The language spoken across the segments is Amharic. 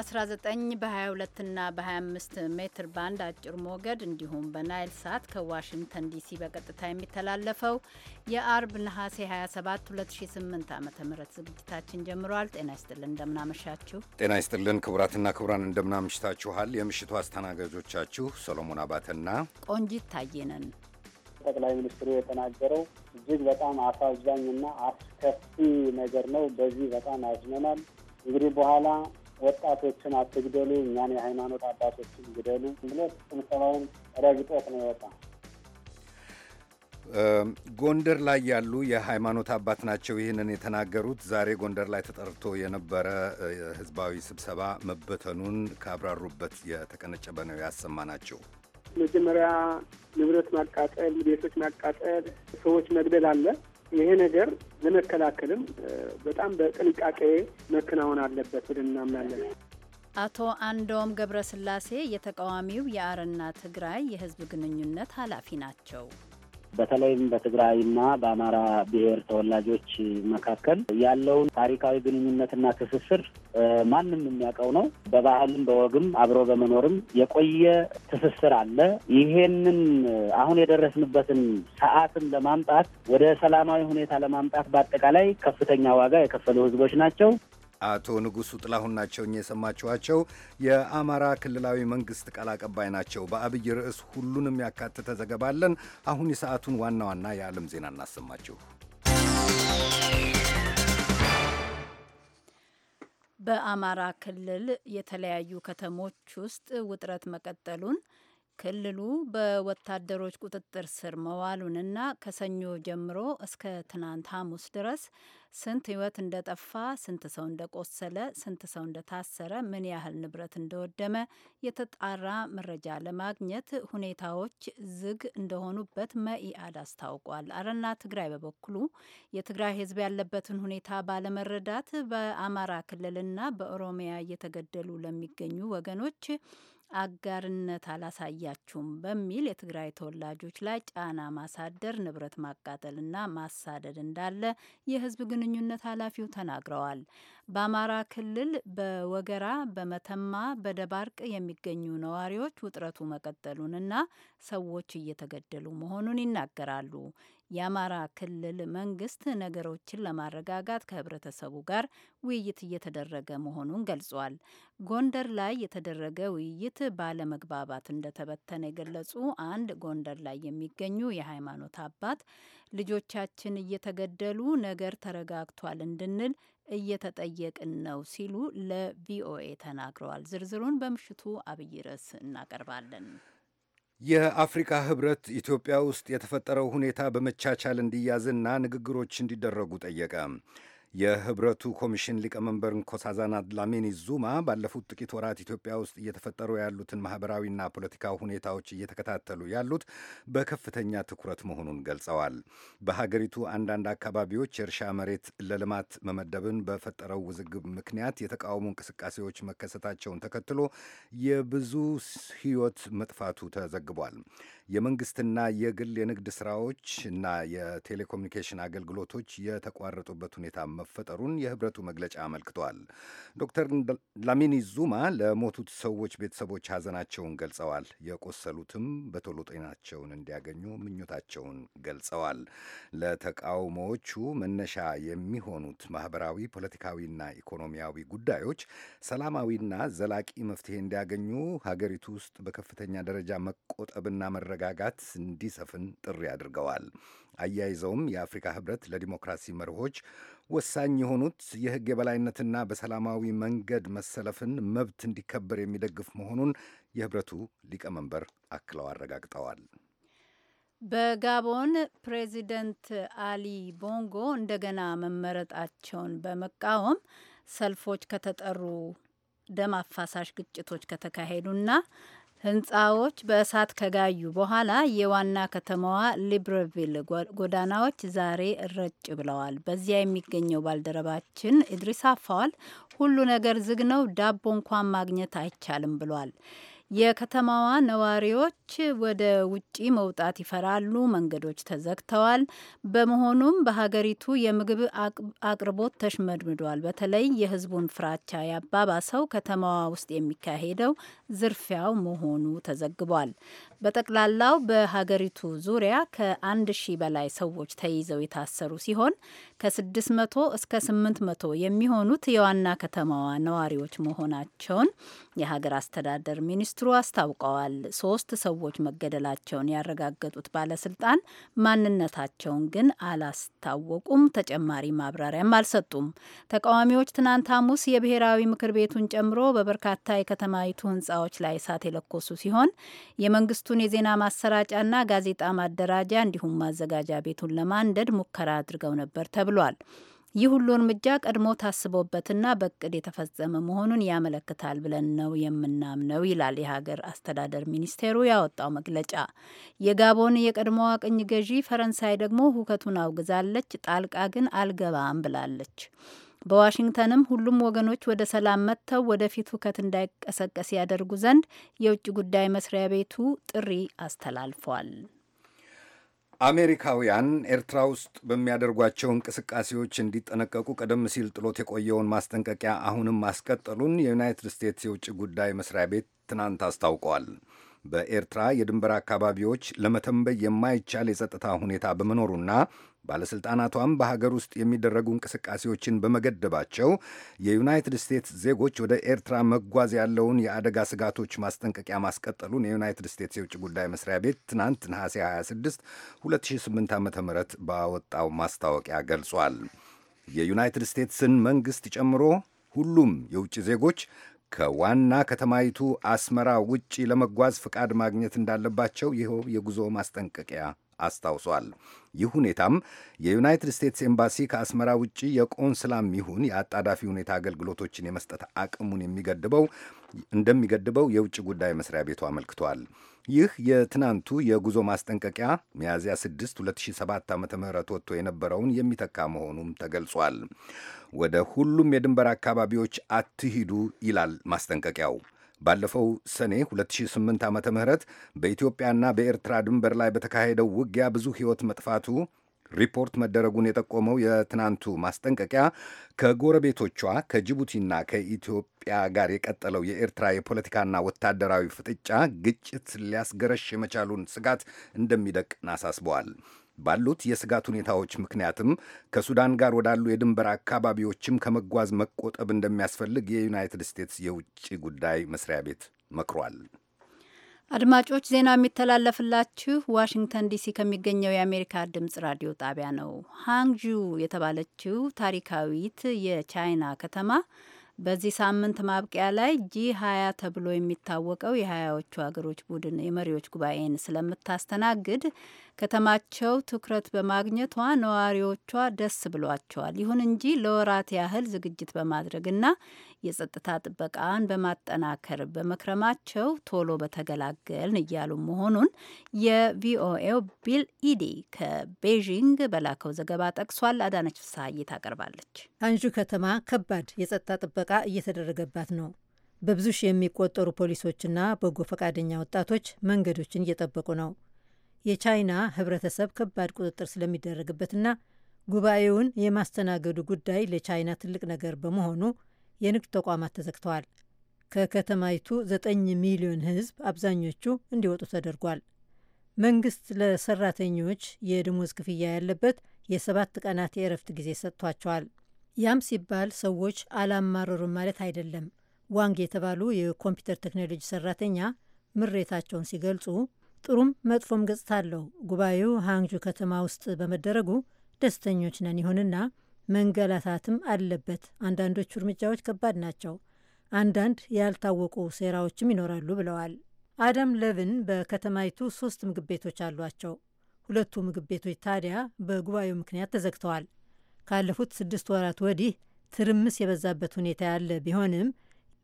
በ19 በ22 ና በ25 ሜትር ባንድ አጭር ሞገድ እንዲሁም በናይል ሳት ከዋሽንግተን ዲሲ በቀጥታ የሚተላለፈው የአርብ ነሐሴ 27 2008 ዓ ም ዝግጅታችን ጀምሯል። ጤና ይስጥልን፣ እንደምናመሻችሁ። ጤና ይስጥልን ክቡራትና ክቡራን፣ እንደምናምሽታችኋል። የምሽቱ አስተናጋጆቻችሁ ሰሎሞን አባተና ቆንጂት ታዬ ጠቅላይ ሚኒስትሩ የተናገረው እጅግ በጣም አሳዛኝና አስከፊ ነገር ነው። በዚህ በጣም አዝነናል። እንግዲህ በኋላ ወጣቶችን አትግደሉ፣ እኛን የሃይማኖት አባቶችን ግደሉ ብሎ ስብሰባውን ረግጦት ነው የወጣ። ጎንደር ላይ ያሉ የሃይማኖት አባት ናቸው ይህንን የተናገሩት። ዛሬ ጎንደር ላይ ተጠርቶ የነበረ ህዝባዊ ስብሰባ መበተኑን ካብራሩበት የተቀነጨበ ነው ያሰማ ናቸው። መጀመሪያ ንብረት ማቃጠል፣ ቤቶች ማቃጠል፣ ሰዎች መግደል አለ ይሄ ነገር ለመከላከልም በጣም በጥንቃቄ መከናወን አለበት ብለን እናምናለን። አቶ አንዶም ገብረስላሴ የተቃዋሚው የአረና ትግራይ የህዝብ ግንኙነት ኃላፊ ናቸው። በተለይም በትግራይና በአማራ ብሔር ተወላጆች መካከል ያለውን ታሪካዊ ግንኙነትና ትስስር ማንም የሚያውቀው ነው። በባህልም በወግም አብሮ በመኖርም የቆየ ትስስር አለ። ይሄንን አሁን የደረስንበትን ሰዓትን ለማምጣት ወደ ሰላማዊ ሁኔታ ለማምጣት በአጠቃላይ ከፍተኛ ዋጋ የከፈሉ ህዝቦች ናቸው። አቶ ንጉሱ ጥላሁን ናቸው እኛ የሰማችኋቸው። የአማራ ክልላዊ መንግስት ቃል አቀባይ ናቸው። በአብይ ርዕስ ሁሉንም ያካተተ ዘገባለን። አሁን የሰዓቱን ዋና ዋና የዓለም ዜና እናሰማችሁ። በአማራ ክልል የተለያዩ ከተሞች ውስጥ ውጥረት መቀጠሉን ክልሉ በወታደሮች ቁጥጥር ስር መዋሉንና ከሰኞ ጀምሮ እስከ ትናንት ሐሙስ ድረስ ስንት ሕይወት እንደጠፋ፣ ስንት ሰው እንደቆሰለ፣ ስንት ሰው እንደታሰረ፣ ምን ያህል ንብረት እንደወደመ የተጣራ መረጃ ለማግኘት ሁኔታዎች ዝግ እንደሆኑበት መኢአድ አስታውቋል። አረና ትግራይ በበኩሉ የትግራይ ሕዝብ ያለበትን ሁኔታ ባለመረዳት በአማራ ክልልና በኦሮሚያ እየተገደሉ ለሚገኙ ወገኖች አጋርነት አላሳያችሁም በሚል የትግራይ ተወላጆች ላይ ጫና ማሳደር፣ ንብረት ማቃጠልና ማሳደድ እንዳለ የህዝብ ግንኙነት ኃላፊው ተናግረዋል። በአማራ ክልል በወገራ በመተማ በደባርቅ የሚገኙ ነዋሪዎች ውጥረቱ መቀጠሉንና ሰዎች እየተገደሉ መሆኑን ይናገራሉ። የአማራ ክልል መንግስት ነገሮችን ለማረጋጋት ከህብረተሰቡ ጋር ውይይት እየተደረገ መሆኑን ገልጿል። ጎንደር ላይ የተደረገ ውይይት ባለመግባባት እንደተበተነ የገለጹ አንድ ጎንደር ላይ የሚገኙ የሃይማኖት አባት ልጆቻችን እየተገደሉ ነገር ተረጋግቷል እንድንል እየተጠየቅን ነው ሲሉ ለቪኦኤ ተናግረዋል። ዝርዝሩን በምሽቱ አብይ ርዕስ እናቀርባለን። የአፍሪካ ህብረት ኢትዮጵያ ውስጥ የተፈጠረው ሁኔታ በመቻቻል እንዲያዝና ንግግሮች እንዲደረጉ ጠየቀ። የህብረቱ ኮሚሽን ሊቀመንበር ንኮሳዛና ድላሚኒ ዙማ ባለፉት ጥቂት ወራት ኢትዮጵያ ውስጥ እየተፈጠሩ ያሉትን ማህበራዊና ፖለቲካዊ ሁኔታዎች እየተከታተሉ ያሉት በከፍተኛ ትኩረት መሆኑን ገልጸዋል። በሀገሪቱ አንዳንድ አካባቢዎች የእርሻ መሬት ለልማት መመደብን በፈጠረው ውዝግብ ምክንያት የተቃውሞ እንቅስቃሴዎች መከሰታቸውን ተከትሎ የብዙ ህይወት መጥፋቱ ተዘግቧል። የመንግስትና የግል የንግድ ስራዎች እና የቴሌኮሙኒኬሽን አገልግሎቶች የተቋረጡበት ሁኔታ መፈጠሩን የህብረቱ መግለጫ አመልክቷል። ዶክተር ላሚኒ ዙማ ለሞቱት ሰዎች ቤተሰቦች ሀዘናቸውን ገልጸዋል። የቆሰሉትም በቶሎ ጤናቸውን እንዲያገኙ ምኞታቸውን ገልጸዋል። ለተቃውሞዎቹ መነሻ የሚሆኑት ማህበራዊ፣ ፖለቲካዊና ኢኮኖሚያዊ ጉዳዮች ሰላማዊና ዘላቂ መፍትሄ እንዲያገኙ ሀገሪቱ ውስጥ በከፍተኛ ደረጃ መቆጠብና መረጋ መረጋጋት እንዲሰፍን ጥሪ አድርገዋል። አያይዘውም የአፍሪካ ህብረት ለዲሞክራሲ መርሆች ወሳኝ የሆኑት የህግ የበላይነትና በሰላማዊ መንገድ መሰለፍን መብት እንዲከበር የሚደግፍ መሆኑን የህብረቱ ሊቀመንበር አክለው አረጋግጠዋል። በጋቦን ፕሬዚደንት አሊ ቦንጎ እንደገና መመረጣቸውን በመቃወም ሰልፎች ከተጠሩ ደም አፋሳሽ ግጭቶች ከተካሄዱና ህንፃዎች በእሳት ከጋዩ በኋላ የዋና ከተማዋ ሊብረቪል ጎዳናዎች ዛሬ ረጭ ብለዋል። በዚያ የሚገኘው ባልደረባችን ኢድሪስ አፋዋል ሁሉ ነገር ዝግ ነው፣ ዳቦ እንኳን ማግኘት አይቻልም ብሏል። የከተማዋ ነዋሪዎች ወደ ውጪ መውጣት ይፈራሉ። መንገዶች ተዘግተዋል። በመሆኑም በሀገሪቱ የምግብ አቅርቦት ተሽመድምዷል። በተለይ የሕዝቡን ፍራቻ ያባባሰው ከተማዋ ውስጥ የሚካሄደው ዝርፊያው መሆኑ ተዘግቧል። በጠቅላላው በሀገሪቱ ዙሪያ ከአንድ ሺህ በላይ ሰዎች ተይዘው የታሰሩ ሲሆን ከ600 እስከ 800 የሚሆኑት የዋና ከተማዋ ነዋሪዎች መሆናቸውን የሀገር አስተዳደር ሚኒስትሩ አስታውቀዋል። ሶስት ሰዎች መገደላቸውን ያረጋገጡት ባለስልጣን ማንነታቸውን ግን አላስታወቁም። ተጨማሪ ማብራሪያም አልሰጡም። ተቃዋሚዎች ትናንት ሐሙስ የብሔራዊ ምክር ቤቱን ጨምሮ በበርካታ የከተማይቱ ህንፃዎች ላይ እሳት የለኮሱ ሲሆን የመንግስቱ የመንግስቱን የዜና ማሰራጫና ጋዜጣ ማደራጃ እንዲሁም ማዘጋጃ ቤቱን ለማንደድ ሙከራ አድርገው ነበር ተብሏል። ይህ ሁሉ እርምጃ ቀድሞ ታስቦበትና በእቅድ የተፈጸመ መሆኑን ያመለክታል ብለን ነው የምናምነው ይላል የሀገር አስተዳደር ሚኒስቴሩ ያወጣው መግለጫ። የጋቦን የቀድሞዋ ቅኝ ገዢ ፈረንሳይ ደግሞ ሁከቱን አውግዛለች፣ ጣልቃ ግን አልገባም ብላለች። በዋሽንግተንም ሁሉም ወገኖች ወደ ሰላም መጥተው ወደፊት ሁከት እንዳይቀሰቀስ ያደርጉ ዘንድ የውጭ ጉዳይ መስሪያ ቤቱ ጥሪ አስተላልፏል። አሜሪካውያን ኤርትራ ውስጥ በሚያደርጓቸው እንቅስቃሴዎች እንዲጠነቀቁ ቀደም ሲል ጥሎት የቆየውን ማስጠንቀቂያ አሁንም ማስቀጠሉን የዩናይትድ ስቴትስ የውጭ ጉዳይ መስሪያ ቤት ትናንት አስታውቀዋል። በኤርትራ የድንበር አካባቢዎች ለመተንበይ የማይቻል የጸጥታ ሁኔታ በመኖሩና ባለሥልጣናቷም በሀገር ውስጥ የሚደረጉ እንቅስቃሴዎችን በመገደባቸው የዩናይትድ ስቴትስ ዜጎች ወደ ኤርትራ መጓዝ ያለውን የአደጋ ስጋቶች ማስጠንቀቂያ ማስቀጠሉን የዩናይትድ ስቴትስ የውጭ ጉዳይ መስሪያ ቤት ትናንት ነሐሴ 26 2008 ዓ ም ባወጣው ማስታወቂያ ገልጿል። የዩናይትድ ስቴትስን መንግሥት ጨምሮ ሁሉም የውጭ ዜጎች ከዋና ከተማይቱ አስመራ ውጪ ለመጓዝ ፍቃድ ማግኘት እንዳለባቸው ይኸው የጉዞ ማስጠንቀቂያ አስታውሷል። ይህ ሁኔታም የዩናይትድ ስቴትስ ኤምባሲ ከአስመራ ውጭ የቆንስላም ይሁን የአጣዳፊ ሁኔታ አገልግሎቶችን የመስጠት አቅሙን የሚገድበው እንደሚገድበው የውጭ ጉዳይ መስሪያ ቤቱ አመልክቷል። ይህ የትናንቱ የጉዞ ማስጠንቀቂያ ሚያዝያ 6 2007 ዓ ም ወጥቶ የነበረውን የሚተካ መሆኑም ተገልጿል። ወደ ሁሉም የድንበር አካባቢዎች አትሂዱ ይላል ማስጠንቀቂያው። ባለፈው ሰኔ 2008 ዓ ም በኢትዮጵያና በኤርትራ ድንበር ላይ በተካሄደው ውጊያ ብዙ ሕይወት መጥፋቱ ሪፖርት መደረጉን የጠቆመው የትናንቱ ማስጠንቀቂያ ከጎረቤቶቿ ከጅቡቲና ከኢትዮጵያ ጋር የቀጠለው የኤርትራ የፖለቲካና ወታደራዊ ፍጥጫ ግጭት ሊያስገረሽ የመቻሉን ስጋት እንደሚደቅን አሳስበዋል። ባሉት የስጋት ሁኔታዎች ምክንያትም ከሱዳን ጋር ወዳሉ የድንበር አካባቢዎችም ከመጓዝ መቆጠብ እንደሚያስፈልግ የዩናይትድ ስቴትስ የውጭ ጉዳይ መስሪያ ቤት መክሯል። አድማጮች ዜናው የሚተላለፍላችሁ ዋሽንግተን ዲሲ ከሚገኘው የአሜሪካ ድምጽ ራዲዮ ጣቢያ ነው። ሃንግዡ የተባለችው ታሪካዊት የቻይና ከተማ በዚህ ሳምንት ማብቂያ ላይ ጂ ሀያ ተብሎ የሚታወቀው የሀያዎቹ ሀገሮች ቡድን የመሪዎች ጉባኤን ስለምታስተናግድ ከተማቸው ትኩረት በማግኘቷ ነዋሪዎቿ ደስ ብሏቸዋል። ይሁን እንጂ ለወራት ያህል ዝግጅት በማድረግና የጸጥታ ጥበቃን በማጠናከር በመክረማቸው ቶሎ በተገላገልን እያሉ መሆኑን የቪኦኤው ቢል ኢዲ ከቤዥንግ በላከው ዘገባ ጠቅሷል። አዳነች ፍስሀዬ ታቀርባለች። አንዡ ከተማ ከባድ የጸጥታ ጥበቃ እየተደረገባት ነው። በብዙ ሺህ የሚቆጠሩ ፖሊሶችና በጎ ፈቃደኛ ወጣቶች መንገዶችን እየጠበቁ ነው። የቻይና ህብረተሰብ ከባድ ቁጥጥር ስለሚደረግበትና ጉባኤውን የማስተናገዱ ጉዳይ ለቻይና ትልቅ ነገር በመሆኑ የንግድ ተቋማት ተዘግተዋል። ከከተማይቱ 9 ሚሊዮን ህዝብ አብዛኞቹ እንዲወጡ ተደርጓል። መንግስት ለሰራተኞች የደሞዝ ክፍያ ያለበት የሰባት ቀናት የእረፍት ጊዜ ሰጥቷቸዋል። ያም ሲባል ሰዎች አላማረሩም ማለት አይደለም። ዋንግ የተባሉ የኮምፒውተር ቴክኖሎጂ ሰራተኛ ምሬታቸውን ሲገልጹ ጥሩም መጥፎም ገጽታ አለው። ጉባኤው ሃንግጁ ከተማ ውስጥ በመደረጉ ደስተኞች ነን። ይሁንና መንገላታትም አለበት። አንዳንዶቹ እርምጃዎች ከባድ ናቸው። አንዳንድ ያልታወቁ ሴራዎችም ይኖራሉ ብለዋል። አዳም ለቭን በከተማይቱ ሶስት ምግብ ቤቶች አሏቸው። ሁለቱ ምግብ ቤቶች ታዲያ በጉባኤው ምክንያት ተዘግተዋል። ካለፉት ስድስት ወራት ወዲህ ትርምስ የበዛበት ሁኔታ ያለ ቢሆንም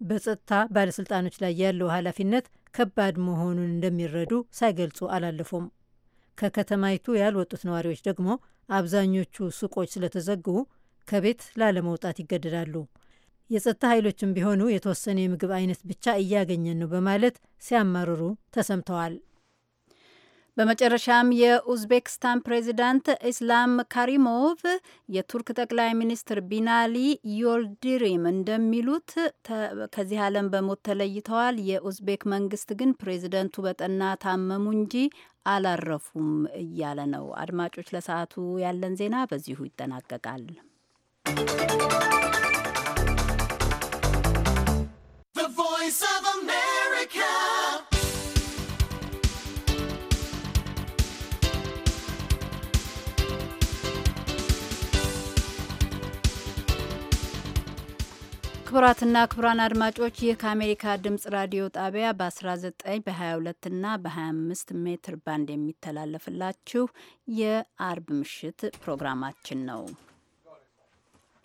በጸጥታ ባለሥልጣኖች ላይ ያለው ኃላፊነት ከባድ መሆኑን እንደሚረዱ ሳይገልጹ አላለፉም። ከከተማይቱ ያልወጡት ነዋሪዎች ደግሞ አብዛኞቹ ሱቆች ስለተዘጉ ከቤት ላለመውጣት ይገደዳሉ። የጸጥታ ኃይሎችም ቢሆኑ የተወሰነ የምግብ አይነት ብቻ እያገኘን ነው በማለት ሲያማርሩ ተሰምተዋል። በመጨረሻም የኡዝቤክስታን ፕሬዚዳንት ኢስላም ካሪሞቭ የቱርክ ጠቅላይ ሚኒስትር ቢናሊ ዮልዲሪም እንደሚሉት ከዚህ ዓለም በሞት ተለይተዋል። የኡዝቤክ መንግስት ግን ፕሬዚደንቱ በጠና ታመሙ እንጂ አላረፉም እያለ ነው። አድማጮች፣ ለሰዓቱ ያለን ዜና በዚሁ ይጠናቀቃል። ክቡራትና ክቡራን አድማጮች ይህ ከአሜሪካ ድምጽ ራዲዮ ጣቢያ በ19 በ22 እና በ25 ሜትር ባንድ የሚተላለፍላችሁ የአርብ ምሽት ፕሮግራማችን ነው።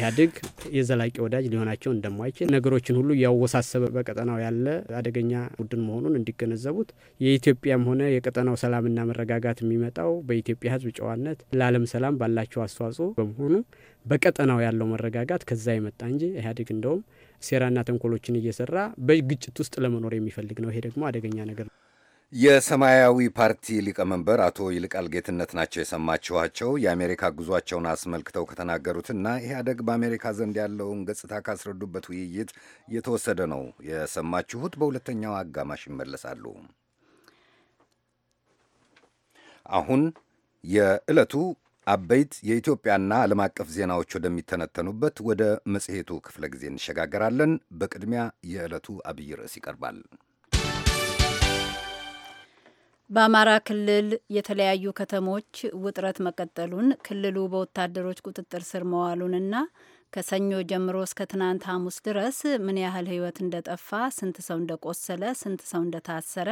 ኢህአዴግ የዘላቂ ወዳጅ ሊሆናቸው እንደማይችል ነገሮችን ሁሉ እያወሳሰበ በቀጠናው ያለ አደገኛ ቡድን መሆኑን እንዲገነዘቡት የኢትዮጵያም ሆነ የቀጠናው ሰላምና መረጋጋት የሚመጣው በኢትዮጵያ ህዝብ ጨዋነት ለዓለም ሰላም ባላቸው አስተዋጽኦ በመሆኑ በቀጠናው ያለው መረጋጋት ከዛ የመጣ እንጂ ኢህአዴግ እንደውም ሴራና ተንኮሎችን እየሰራ በግጭት ውስጥ ለመኖር የሚፈልግ ነው። ይሄ ደግሞ አደገኛ ነገር ነው። የሰማያዊ ፓርቲ ሊቀመንበር አቶ ይልቃል ጌትነት ናቸው የሰማችኋቸው። የአሜሪካ ጉዟቸውን አስመልክተው ከተናገሩትና ኢህአደግ በአሜሪካ ዘንድ ያለውን ገጽታ ካስረዱበት ውይይት የተወሰደ ነው የሰማችሁት። በሁለተኛው አጋማሽ ይመለሳሉ። አሁን የዕለቱ አበይት የኢትዮጵያና ዓለም አቀፍ ዜናዎች ወደሚተነተኑበት ወደ መጽሔቱ ክፍለ ጊዜ እንሸጋገራለን። በቅድሚያ የዕለቱ አብይ ርዕስ ይቀርባል። በአማራ ክልል የተለያዩ ከተሞች ውጥረት መቀጠሉን ክልሉ በወታደሮች ቁጥጥር ስር መዋሉንና ከሰኞ ጀምሮ እስከ ትናንት ሐሙስ ድረስ ምን ያህል ሕይወት እንደጠፋ፣ ስንት ሰው እንደቆሰለ፣ ስንት ሰው እንደታሰረ፣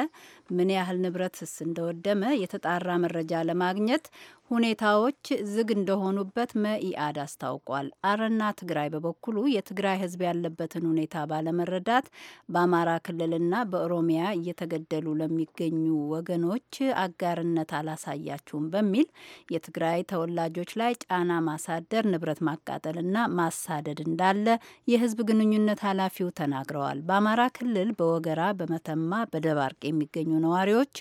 ምን ያህል ንብረትስ እንደወደመ የተጣራ መረጃ ለማግኘት ሁኔታዎች ዝግ እንደሆኑበት መኢአድ አስታውቋል። አረና ትግራይ በበኩሉ የትግራይ ሕዝብ ያለበትን ሁኔታ ባለመረዳት በአማራ ክልልና በኦሮሚያ እየተገደሉ ለሚገኙ ወገኖች አጋርነት አላሳያችሁም በሚል የትግራይ ተወላጆች ላይ ጫና ማሳደር፣ ንብረት ማቃጠልና ማሳደድ እንዳለ የሕዝብ ግንኙነት ኃላፊው ተናግረዋል። በአማራ ክልል በወገራ፣ በመተማ፣ በደባርቅ የሚገኙ ነዋሪዎች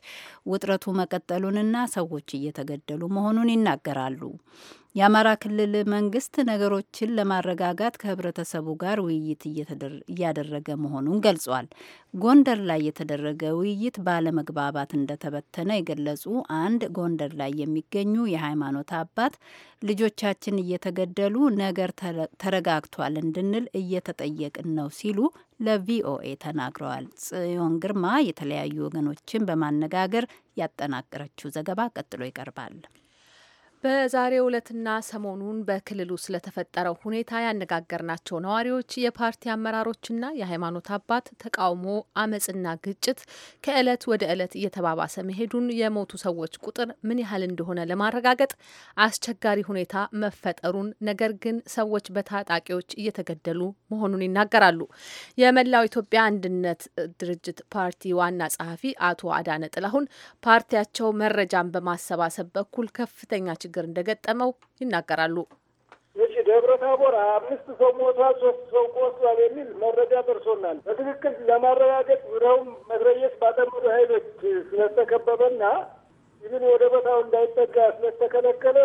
ውጥረቱ መቀጠሉንና ሰዎች እየተገደሉ መሆኑ መሆኑን ይናገራሉ። የአማራ ክልል መንግስት ነገሮችን ለማረጋጋት ከህብረተሰቡ ጋር ውይይት እያደረገ መሆኑን ገልጿል። ጎንደር ላይ የተደረገ ውይይት ባለመግባባት እንደተበተነ የገለጹ አንድ ጎንደር ላይ የሚገኙ የሃይማኖት አባት ልጆቻችን እየተገደሉ ነገር ተረጋግቷል እንድንል እየተጠየቅን ነው ሲሉ ለቪኦኤ ተናግረዋል። ጽዮን ግርማ የተለያዩ ወገኖችን በማነጋገር ያጠናቀረችው ዘገባ ቀጥሎ ይቀርባል። በዛሬ ዕለትና ሰሞኑን በክልሉ ስለተፈጠረው ሁኔታ ያነጋገርናቸው ነዋሪዎች፣ የፓርቲ አመራሮችና የሃይማኖት አባት ተቃውሞ፣ አመፅና ግጭት ከእለት ወደ እለት እየተባባሰ መሄዱን፣ የሞቱ ሰዎች ቁጥር ምን ያህል እንደሆነ ለማረጋገጥ አስቸጋሪ ሁኔታ መፈጠሩን፣ ነገር ግን ሰዎች በታጣቂዎች እየተገደሉ መሆኑን ይናገራሉ። የመላው ኢትዮጵያ አንድነት ድርጅት ፓርቲ ዋና ጸሐፊ አቶ አዳነ ጥላሁን ፓርቲያቸው መረጃን በማሰባሰብ በኩል ከፍተኛ ችግር እንደገጠመው ይናገራሉ። እሺ ደብረ ታቦር አምስት ሰው ሞቷል፣ ሶስት ሰው ቆስሏል የሚል መረጃ ደርሶናል። በትክክል ለማረጋገጥ ዙሪያውም መትረየስ ባጠመዱ ኃይሎች ስለተከበበና ይህን ወደ ቦታው እንዳይጠጋ ስለተከለከለ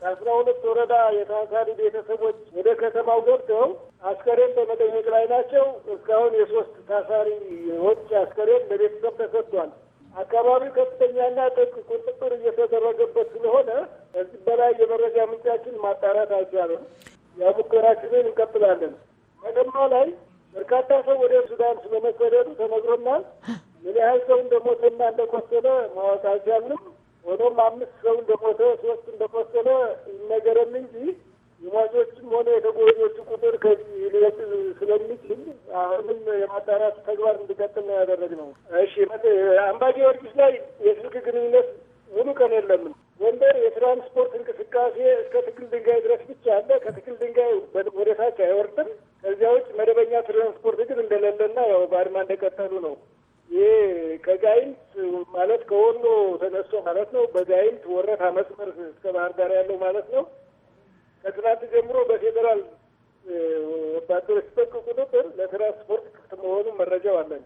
ከአስራ ሁለት ወረዳ የታሳሪ ቤተሰቦች ወደ ከተማው ገብተው አስከሬን በመጠየቅ ላይ ናቸው። እስካሁን የሶስት ታሳሪዎች አስከሬን ለቤተሰብ ተሰጥቷል። አካባቢው ከፍተኛና ጥብቅ ቁጥጥር እየተደረገበት ስለሆነ እዚህ በላይ የመረጃ ምንጫችን ማጣራት አይቻልም። የሙከራችንን እንቀጥላለን። መደማ ላይ በርካታ ሰው ወደ ሱዳን ስለመሰደዱ ተነግሮናል። ምን ያህል ሰው እንደሞተና እንደቆሰለ ማወቅ አልቻልንም። ሆኖም አምስት ሰው እንደሞተ፣ ሶስት እንደቆሰለ ይነገረን እንጂ የሟቾችም ሆነ የተጎጂዎቹ ቁጥር ከዚህ ሊወጥ ስለሚችል አሁንም የማጣራት ተግባር እንዲቀጥል ነው ያደረግነው። እሺ፣ አምባ ጊዮርጊስ ላይ የስልክ ግንኙነት ሙሉ ቀን የለም። ጎንደር የትራንስፖርት እንቅስቃሴ እስከ ትክል ድንጋይ ድረስ ብቻ አለ። ከትክል ድንጋይ ወደ ታች አይወርድም። ከዚያ ውጭ መደበኛ ትራንስፖርት ግን እንደሌለና ያው በአድማ እንደቀጠሉ ነው። ይህ ከጋይንት ማለት ከወሎ ተነስቶ ማለት ነው በጋይንት ወረታ መስመር እስከ ባህር ዳር ያለው ማለት ነው ከትናንት ጀምሮ በፌዴራል ወታደሮች ጥብቅ ቁጥጥር ለትራንስፖርት ክፍት መሆኑ መረጃው አለን።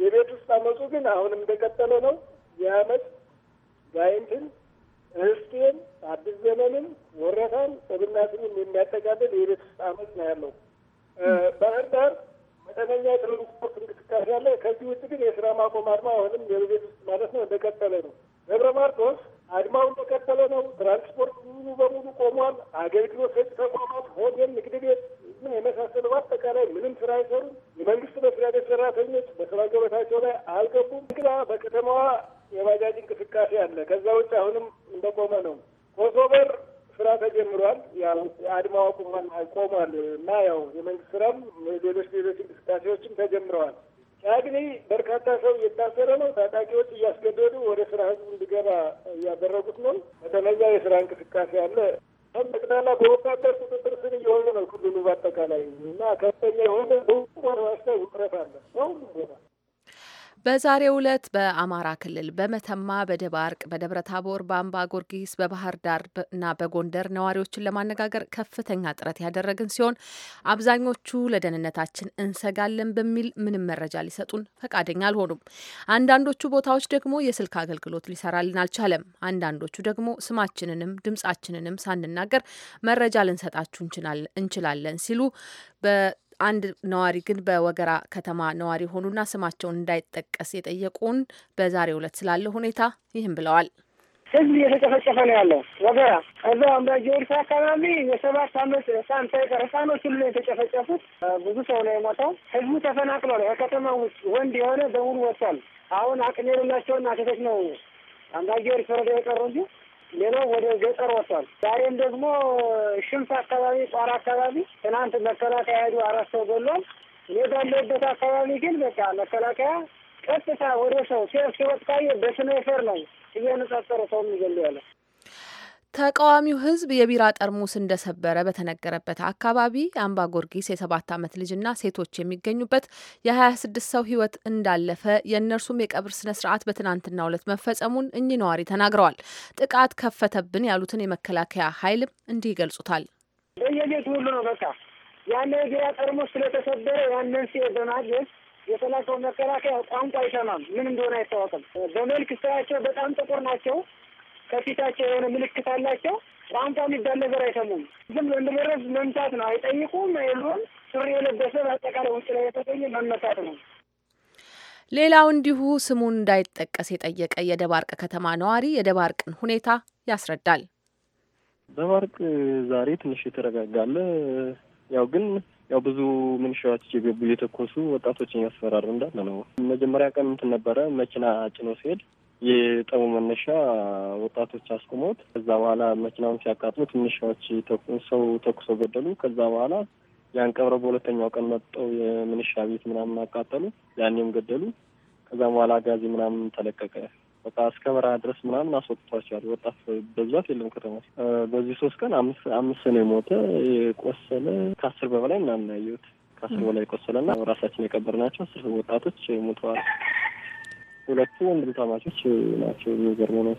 የቤት ውስጥ አመፁ ግን አሁንም እንደቀጠለ ነው። የአመፅ ጋይንትን፣ እህስቴን አዲስ ዘመንን፣ ወረታን፣ ጥብናትንም የሚያጠቃልል የቤት ውስጥ አመፅ ነው ያለው። ባህር ዳር መጠነኛ ትራንስፖርት እንቅስቃሴ አለ። ከዚህ ውጭ ግን የስራ ማቆም አድማ አሁንም የቤት ውስጥ ማለት ነው እንደቀጠለ ነው። ደብረ ማርቆስ አድማውን በቀጠለ ነው። ትራንስፖርት ሙሉ በሙሉ ቆሟል። አገልግሎት ሰጪ ተቋማት፣ ሆቴል፣ ንግድ ቤት ምን የመሳሰሉ በአጠቃላይ ምንም ስራ አይሰሩም። የመንግስት መስሪያ ቤት ሰራተኞች በስራ ገበታቸው ላይ አልገቡም። እንግዳ በከተማዋ የባጃጅ እንቅስቃሴ አለ። ከዛ ውጭ አሁንም እንደቆመ ነው። ኮሶበር ስራ ተጀምሯል። ያው አድማዋ ቁሟል ቆሟል እና ያው የመንግስት ስራም ሌሎች ሌሎች እንቅስቃሴዎችም ተጀምረዋል። ቻግኒ በርካታ ሰው እየታሰረ ነው። ታጣቂዎች እያስገደዱ ወደ ስራ ህዝቡ እንዲገባ እያደረጉት ነው። በተለያ የስራ እንቅስቃሴ አለ። ጠቅላላ በወታደር ቁጥጥር ስር እየሆነ ነው ክልሉ በአጠቃላይ እና ከፍተኛ የሆነ በውስጥ ውጥረት አለ ነው ቦታ በዛሬው ዕለት በአማራ ክልል በመተማ፣ በደባርቅ፣ በደብረታቦር፣ በአምባ ጎርጊስ፣ በባህር ዳር እና በጎንደር ነዋሪዎችን ለማነጋገር ከፍተኛ ጥረት ያደረግን ሲሆን አብዛኞቹ ለደህንነታችን እንሰጋለን በሚል ምንም መረጃ ሊሰጡን ፈቃደኛ አልሆኑም። አንዳንዶቹ ቦታዎች ደግሞ የስልክ አገልግሎት ሊሰራልን አልቻለም። አንዳንዶቹ ደግሞ ስማችንንም ድምጻችንንም ሳንናገር መረጃ ልንሰጣችሁ እንችላለን ሲሉ አንድ ነዋሪ ግን በወገራ ከተማ ነዋሪ የሆኑና ስማቸውን እንዳይጠቀስ የጠየቁን በዛሬው ዕለት ስላለ ሁኔታ ይህም ብለዋል። ህዝብ እየተጨፈጨፈ ነው ያለው ወገራ። እዛ በጊዮርጊስ አካባቢ የሰባት አመት ህፃን ሳይቀር ህፃኖች ሁሉ የተጨፈጨፉት፣ ብዙ ሰው ነው የሞተው። ህዝቡ ተፈናቅሎ ነው ከከተማ ውስጥ ወንድ የሆነ በሙሉ ወጥቷል። አሁን አቅም የሌላቸውና ሴቶች ነው አምባ ጊዮርጊስ ወረዳ የቀሩ እንጂ ሌላው ወደ ገጠር ወጥቷል። ዛሬም ደግሞ ሽንፍ አካባቢ፣ ጧራ አካባቢ ትናንት መከላከያ ሄዱ፣ አራት ሰው ገሏል። እኔ ባለሁበት አካባቢ ግን በቃ መከላከያ ቀጥታ ወደ ሰው ሲወጥቃየ በስናይፈር ነው እያነጻጸረ ሰው የሚገሉ ያለ ተቃዋሚው ህዝብ የቢራ ጠርሙስ እንደሰበረ በተነገረበት አካባቢ አምባ ጎርጊስ የሰባት ዓመት ልጅና ሴቶች የሚገኙበት የ26 ሰው ህይወት እንዳለፈ የእነርሱም የቀብር ስነ ስርዓት በትናንትና ዕለት መፈጸሙን እኚህ ነዋሪ ተናግረዋል። ጥቃት ከፈተብን ያሉትን የመከላከያ ኃይልም እንዲህ ይገልጹታል። በየቤቱ ሁሉ ነው። በቃ ያለ የቢራ ጠርሙስ ስለተሰበረ ያንን ሲ በማግኘት የተላከው መከላከያ ቋንቋ አይሰማም። ምን እንደሆነ አይታወቅም። በመልክ ስራቸው በጣም ጥቁር ናቸው። ከፊታቸው የሆነ ምልክት አላቸው። ቋንቋ የሚባል ነገር አይሰሙም። ዝም ብሎ እንደመረዝ መምታት ነው። አይጠይቁም፣ አይሉም። ሱሪ የለበሰ በአጠቃላይ ውጭ ላይ የተገኘ መመታት ነው። ሌላው እንዲሁ ስሙን እንዳይጠቀስ የጠየቀ የደባርቅ ከተማ ነዋሪ የደባርቅን ሁኔታ ያስረዳል። ደባርቅ ዛሬ ትንሽ የተረጋጋለ ያው ግን ያው ብዙ ምንሻዎች እየገቡ እየተኮሱ ወጣቶችን ያስፈራሩ እንዳለ ነው። መጀመሪያ ቀን እንትን ነበረ መኪና ጭኖ ሲሄድ የጠቡ መነሻ ወጣቶች አስቆመውት ከዛ በኋላ መኪናውን ሲያቃጥሉ ትንሻዎች ሰው ተኩሰው ገደሉ። ከዛ በኋላ ያን ቀብረው በሁለተኛው ቀን መጠው የምንሻ ቤት ምናምን አቃጠሉ። ያኔም ገደሉ። ከዛም በኋላ አጋዚ ምናምን ተለቀቀ። በቃ እስከ በረሃ ድረስ ምናምን አስወጥቷቸዋል። ወጣት በብዛት የለም ከተማ። በዚህ ሶስት ቀን አምስት ነው የሞተ የቆሰለ ከአስር በበላይ ምናምን ያየሁት ከአስር በላይ የቆሰለና ራሳችን የቀበር ናቸው አስር ወጣቶች ሞተዋል። ሁለቱ ወንድም ታማቾች ናቸው። የሚገርመው ነው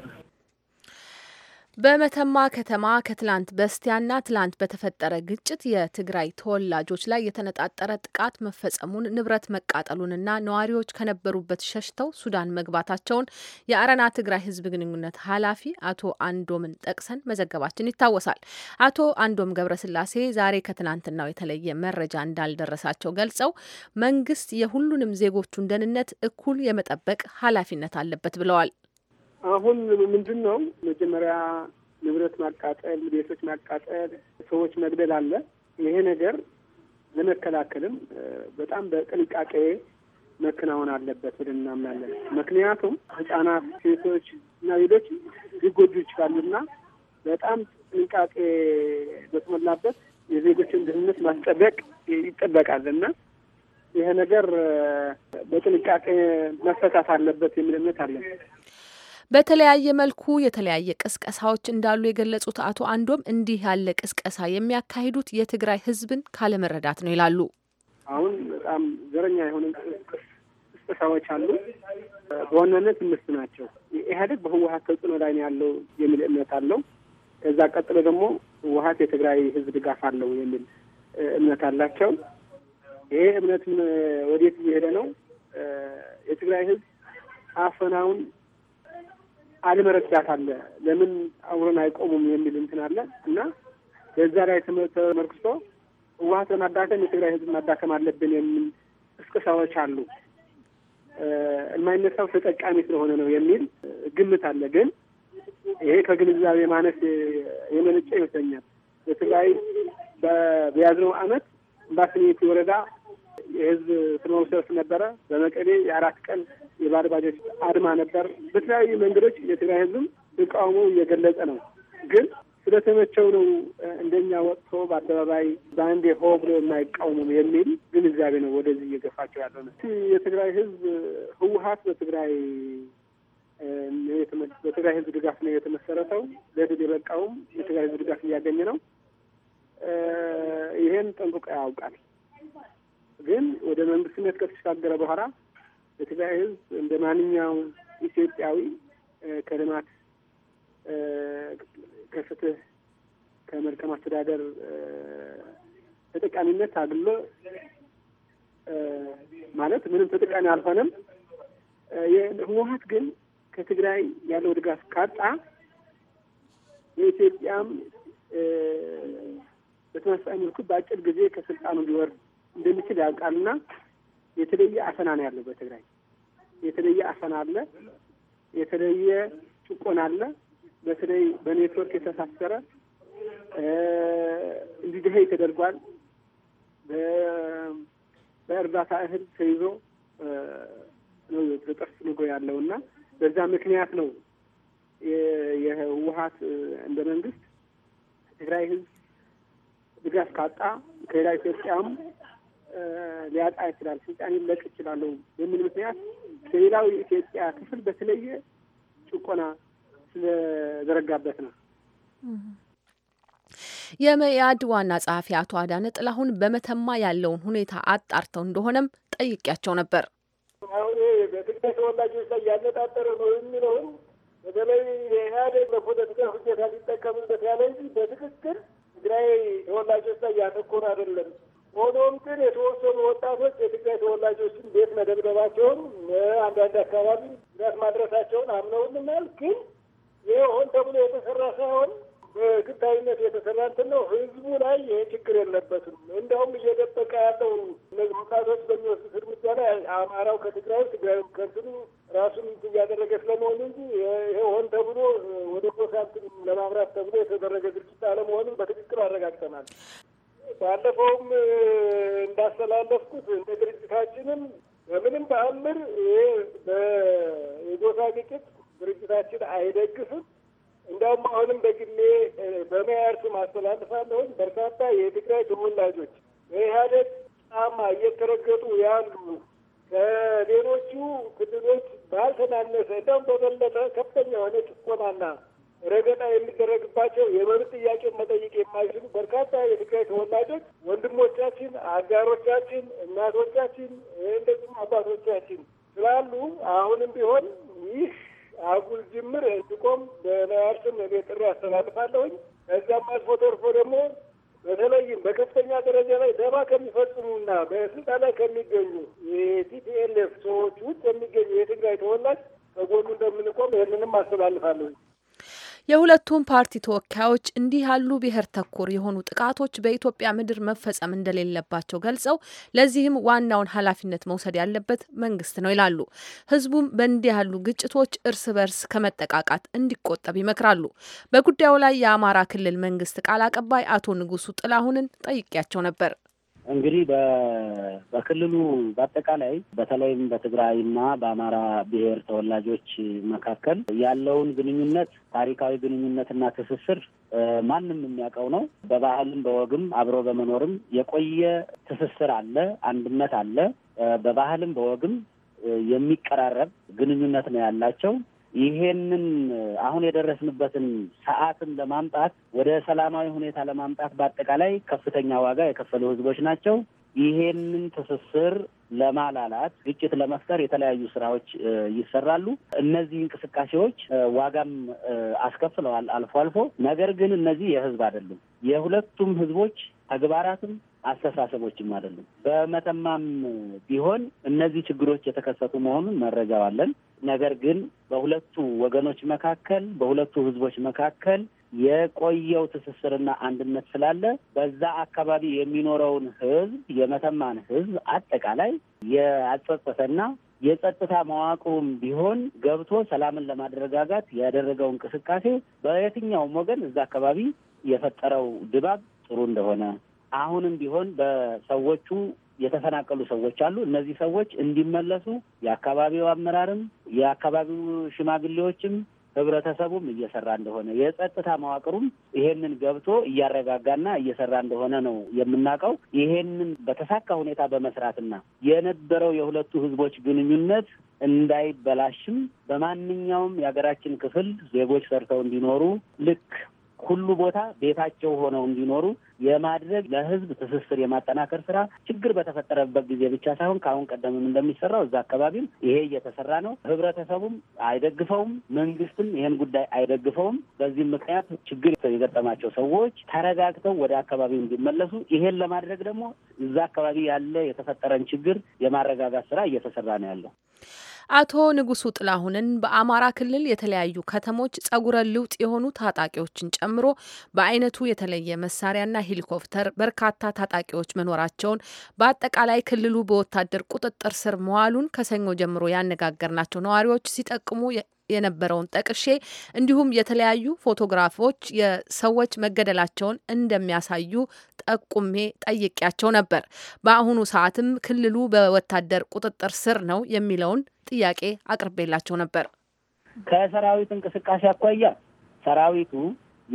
በመተማ ከተማ ከትላንት በስቲያና ትላንት በተፈጠረ ግጭት የትግራይ ተወላጆች ላይ የተነጣጠረ ጥቃት መፈጸሙን ንብረት መቃጠሉንና ነዋሪዎች ከነበሩበት ሸሽተው ሱዳን መግባታቸውን የአረና ትግራይ ሕዝብ ግንኙነት ኃላፊ አቶ አንዶምን ጠቅሰን መዘገባችን ይታወሳል። አቶ አንዶም ገብረስላሴ ዛሬ ከትላንትናው የተለየ መረጃ እንዳልደረሳቸው ገልጸው መንግስት የሁሉንም ዜጎቹን ደህንነት እኩል የመጠበቅ ኃላፊነት አለበት ብለዋል። አሁን ምንድን ነው መጀመሪያ ንብረት ማቃጠል፣ ቤቶች ማቃጠል፣ ሰዎች መግደል አለ። ይሄ ነገር ለመከላከልም በጣም በጥንቃቄ መከናወን አለበት ብለን እናምናለን። ምክንያቱም ህጻናት፣ ሴቶች እና ሌሎች ሊጎዱ ይችላሉና በጣም ጥንቃቄ በተሞላበት የዜጎችን ደህንነት ማስጠበቅ ይጠበቃል እና ይሄ ነገር በጥንቃቄ መፈታት አለበት የሚል እምነት አለን። በተለያየ መልኩ የተለያየ ቅስቀሳዎች እንዳሉ የገለጹት አቶ አንዶም እንዲህ ያለ ቅስቀሳ የሚያካሂዱት የትግራይ ህዝብን ካለመረዳት ነው ይላሉ። አሁን በጣም ዘረኛ የሆነ ቅስቀሳዎች አሉ። በዋናነት እነሱ ናቸው። ኢህአዴግ በህወሀት ተጽዕኖ ላይ ነው ያለው የሚል እምነት አለው። ከዛ ቀጥሎ ደግሞ ህወሀት የትግራይ ህዝብ ድጋፍ አለው የሚል እምነት አላቸው። ይሄ እምነት ወዴት እየሄደ ነው? የትግራይ ህዝብ አፈናውን አለመረዳት አለ። ለምን አብረን አይቆሙም የሚል እንትን አለ እና በዛ ላይ ተመርክሶ ህወሀት ለማዳከም የትግራይ ህዝብ ማዳከም አለብን የሚል እስቅሳዎች አሉ። የማይነሳው ተጠቃሚ ስለሆነ ነው የሚል ግምት አለ። ግን ይሄ ከግንዛቤ ማነስ የመነጨ ይመስለኛል። በትግራይ በያዝነው አመት እምባ ወረዳ የህዝብ ስመውሰብስ ነበረ። በመቀሌ የአራት ቀን የባርባጆች አድማ ነበር። በተለያዩ መንገዶች የትግራይ ህዝብም ተቃውሞ እየገለጸ ነው። ግን ስለተመቸው ነው እንደኛ ወጥቶ በአደባባይ በአንዴ ሆ ብሎ የማይቃወሙ የሚል ግንዛቤ ነው ወደዚህ እየገፋቸው ያለ ነው። የትግራይ ህዝብ ህወሀት በትግራይ በትግራይ ህዝብ ድጋፍ ነው የተመሰረተው። ለድል የበቃውም የትግራይ ህዝብ ድጋፍ እያገኘ ነው። ይሄን ጠንቅቆ ያውቃል። ግን ወደ መንግስትነት ከተሸጋገረ በኋላ የትግራይ ህዝብ እንደ ማንኛውም ኢትዮጵያዊ ከልማት ከፍትህ፣ ከመልካም አስተዳደር ተጠቃሚነት አግሎ ማለት ምንም ተጠቃሚ አልሆነም። ህወሀት ግን ከትግራይ ያለው ድጋፍ ካጣ የኢትዮጵያም በተመሳሳይ መልኩ በአጭር ጊዜ ከስልጣኑ ሊወርድ እንደሚችል ያውቃልና የተለየ አፈና ነው ያለው በትግራይ። የተለየ አፈና አለ፣ የተለየ ጭቆና አለ። በተለይ በኔትወርክ የተሳሰረ እንዲድሀይ ተደርጓል። በእርዳታ እህል ተይዞ ነው በጥርስ ንጎ ያለው እና በዛ ምክንያት ነው የህወሀት እንደ መንግስት ትግራይ ህዝብ ድጋፍ ካጣ ከሌላ ኢትዮጵያም ሊያጣ ይችላል፣ ስልጣን ይለቅ ይችላለሁ በሚል ምክንያት ከሌላው የኢትዮጵያ ክፍል በተለየ ጭቆና ስለዘረጋበት ነው። የመያድ ዋና ጸሐፊ አቶ አዳነ ጥላሁን በመተማ ያለውን ሁኔታ አጣርተው እንደሆነም ጠይቄያቸው ነበር። አሁን በትግራይ ተወላጆች ላይ ያነጣጠረ ነው የሚለውን በተለይ የኢህአዴግ በፖለቲካ ሁኔታ ሊጠቀሙበት ያለ እንጂ በትክክል ትግራይ ተወላጆች ላይ ያተኮረ አይደለም። ሆኖም ግን የተወሰኑ ወጣቶች የትግራይ ተወላጆችን ቤት መደብደባቸውን አንዳንድ አካባቢ ጉዳት ማድረሳቸውን አምነውልናል። ግን ይህ ሆን ተብሎ የተሰራ ሳይሆን በግዳይነት የተሰራ እንትን ነው። ህዝቡ ላይ ይሄ ችግር የለበትም። እንዲያውም እየደበቀ ያለው እነዚህ ወጣቶች በሚወስዱት እርምጃ ላይ አማራው ከትግራዩ ትግራዩ ከእንትኑ ራሱን እያደረገ ስለመሆኑ እንጂ ይሄ ሆን ተብሎ ወደ ኮሳንትን ለማምራት ተብሎ የተደረገ ድርጊት አለመሆኑን በትክክል አረጋግጠናል። ባለፈውም እንዳስተላለፍኩት እንደ ድርጅታችንም በምንም በአምር ይሄ በጎሳ ግጭት ድርጅታችን አይደግፍም። እንዲያውም አሁንም በግሌ በመያር ስም አስተላልፋለሁኝ በርካታ የትግራይ ተወላጆች በኢህአዴግ ጫማ እየተረገጡ ያሉ ከሌሎቹ ክልሎች ባልተናነሰ እንዲያውም በበለጠ ከፍተኛ የሆነ ጭቆናና ረገጣ የሚደረግባቸው የመብት ጥያቄን መጠየቅ የማይችሉ በርካታ የትግራይ ተወላጆች ወንድሞቻችን፣ አጋሮቻችን፣ እናቶቻችን እንደዚሁም አባቶቻችን ስላሉ አሁንም ቢሆን ይህ አጉል ጅምር እንዲቆም በነያርስም እኔ ጥሪ አስተላልፋለሁኝ። ከዚያም አልፎ ተርፎ ደግሞ በተለይም በከፍተኛ ደረጃ ላይ ደባ ከሚፈጽሙና በስልጣን ላይ ከሚገኙ የቲፒኤልኤፍ ሰዎች ውስጥ የሚገኙ የትግራይ ተወላጅ ከጎኑ እንደምንቆም ይህንንም አስተላልፋለሁኝ። የሁለቱም ፓርቲ ተወካዮች እንዲህ ያሉ ብሔር ተኮር የሆኑ ጥቃቶች በኢትዮጵያ ምድር መፈጸም እንደሌለባቸው ገልጸው ለዚህም ዋናውን ኃላፊነት መውሰድ ያለበት መንግስት ነው ይላሉ። ህዝቡም በእንዲህ ያሉ ግጭቶች እርስ በርስ ከመጠቃቃት እንዲቆጠብ ይመክራሉ። በጉዳዩ ላይ የአማራ ክልል መንግስት ቃል አቀባይ አቶ ንጉሱ ጥላሁንን ጠይቄያቸው ነበር። እንግዲህ በክልሉ በአጠቃላይ በተለይም በትግራይና በአማራ ብሔር ተወላጆች መካከል ያለውን ግንኙነት ታሪካዊ ግንኙነትና ትስስር ማንም የሚያውቀው ነው። በባህልም በወግም አብሮ በመኖርም የቆየ ትስስር አለ፣ አንድነት አለ። በባህልም በወግም የሚቀራረብ ግንኙነት ነው ያላቸው። ይሄንን አሁን የደረስንበትን ሰዓትን ለማምጣት ወደ ሰላማዊ ሁኔታ ለማምጣት በአጠቃላይ ከፍተኛ ዋጋ የከፈሉ ህዝቦች ናቸው። ይሄንን ትስስር ለማላላት ግጭት ለመፍጠር የተለያዩ ስራዎች ይሰራሉ። እነዚህ እንቅስቃሴዎች ዋጋም አስከፍለዋል አልፎ አልፎ። ነገር ግን እነዚህ የህዝብ አይደሉም። የሁለቱም ህዝቦች ተግባራትም አስተሳሰቦችም አይደሉም። በመተማም ቢሆን እነዚህ ችግሮች የተከሰቱ መሆኑን መረጃው አለን። ነገር ግን በሁለቱ ወገኖች መካከል በሁለቱ ህዝቦች መካከል የቆየው ትስስርና አንድነት ስላለ በዛ አካባቢ የሚኖረውን ህዝብ የመተማን ህዝብ አጠቃላይ የአጸጸተና የጸጥታ መዋቅሩም ቢሆን ገብቶ ሰላምን ለማረጋጋት ያደረገው እንቅስቃሴ በየትኛውም ወገን እዛ አካባቢ የፈጠረው ድባብ ጥሩ እንደሆነ አሁንም ቢሆን በሰዎቹ የተፈናቀሉ ሰዎች አሉ። እነዚህ ሰዎች እንዲመለሱ የአካባቢው አመራርም የአካባቢው ሽማግሌዎችም ህብረተሰቡም እየሰራ እንደሆነ የጸጥታ መዋቅሩም ይሄንን ገብቶ እያረጋጋና እየሰራ እንደሆነ ነው የምናውቀው። ይሄንን በተሳካ ሁኔታ በመስራትና የነበረው የሁለቱ ህዝቦች ግንኙነት እንዳይበላሽም በማንኛውም የሀገራችን ክፍል ዜጎች ሰርተው እንዲኖሩ ልክ ሁሉ ቦታ ቤታቸው ሆነው እንዲኖሩ የማድረግ ለህዝብ ትስስር የማጠናከር ስራ ችግር በተፈጠረበት ጊዜ ብቻ ሳይሆን ከአሁን ቀደምም እንደሚሰራው እዛ አካባቢም ይሄ እየተሰራ ነው። ህብረተሰቡም አይደግፈውም፣ መንግስትም ይህን ጉዳይ አይደግፈውም። በዚህም ምክንያት ችግር የገጠማቸው ሰዎች ተረጋግተው ወደ አካባቢው እንዲመለሱ ይሄን ለማድረግ ደግሞ እዛ አካባቢ ያለ የተፈጠረን ችግር የማረጋጋት ስራ እየተሰራ ነው ያለው። አቶ ንጉሱ ጥላሁንን በአማራ ክልል የተለያዩ ከተሞች ጸጉረ ልውጥ የሆኑ ታጣቂዎችን ጨምሮ በአይነቱ የተለየ መሳሪያና ሄሊኮፕተር በርካታ ታጣቂዎች መኖራቸውን በአጠቃላይ ክልሉ በወታደር ቁጥጥር ስር መዋሉን ከሰኞ ጀምሮ ያነጋገርናቸው ነዋሪዎች ሲጠቅሙ የነበረውን ጠቅሼ እንዲሁም የተለያዩ ፎቶግራፎች የሰዎች መገደላቸውን እንደሚያሳዩ ጠቁሜ ጠይቄያቸው ነበር። በአሁኑ ሰዓትም ክልሉ በወታደር ቁጥጥር ስር ነው የሚለውን ጥያቄ አቅርቤላቸው ነበር። ከሰራዊት እንቅስቃሴ አኳያ ሰራዊቱ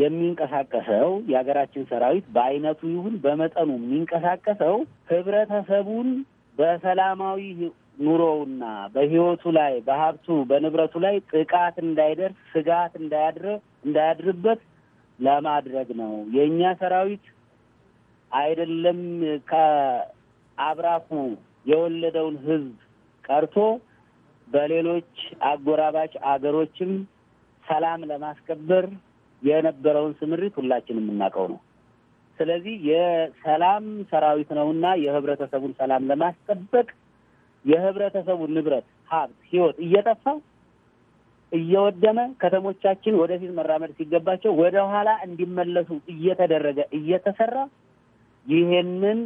የሚንቀሳቀሰው የሀገራችን ሰራዊት በአይነቱ ይሁን በመጠኑ የሚንቀሳቀሰው ህብረተሰቡን በሰላማዊ ኑሮውና በህይወቱ ላይ በሀብቱ በንብረቱ ላይ ጥቃት እንዳይደርስ ስጋት እንዳያድር እንዳያድርበት ለማድረግ ነው። የእኛ ሰራዊት አይደለም ከአብራኩ የወለደውን ህዝብ ቀርቶ በሌሎች አጎራባች አገሮችም ሰላም ለማስከበር የነበረውን ስምሪት ሁላችንም የምናውቀው ነው። ስለዚህ የሰላም ሰራዊት ነውና የህብረተሰቡን ሰላም ለማስጠበቅ የህብረተሰቡ ንብረት፣ ሀብት፣ ህይወት እየጠፋ እየወደመ ከተሞቻችን ወደፊት መራመድ ሲገባቸው ወደኋላ እንዲመለሱ እየተደረገ እየተሰራ ይሄንን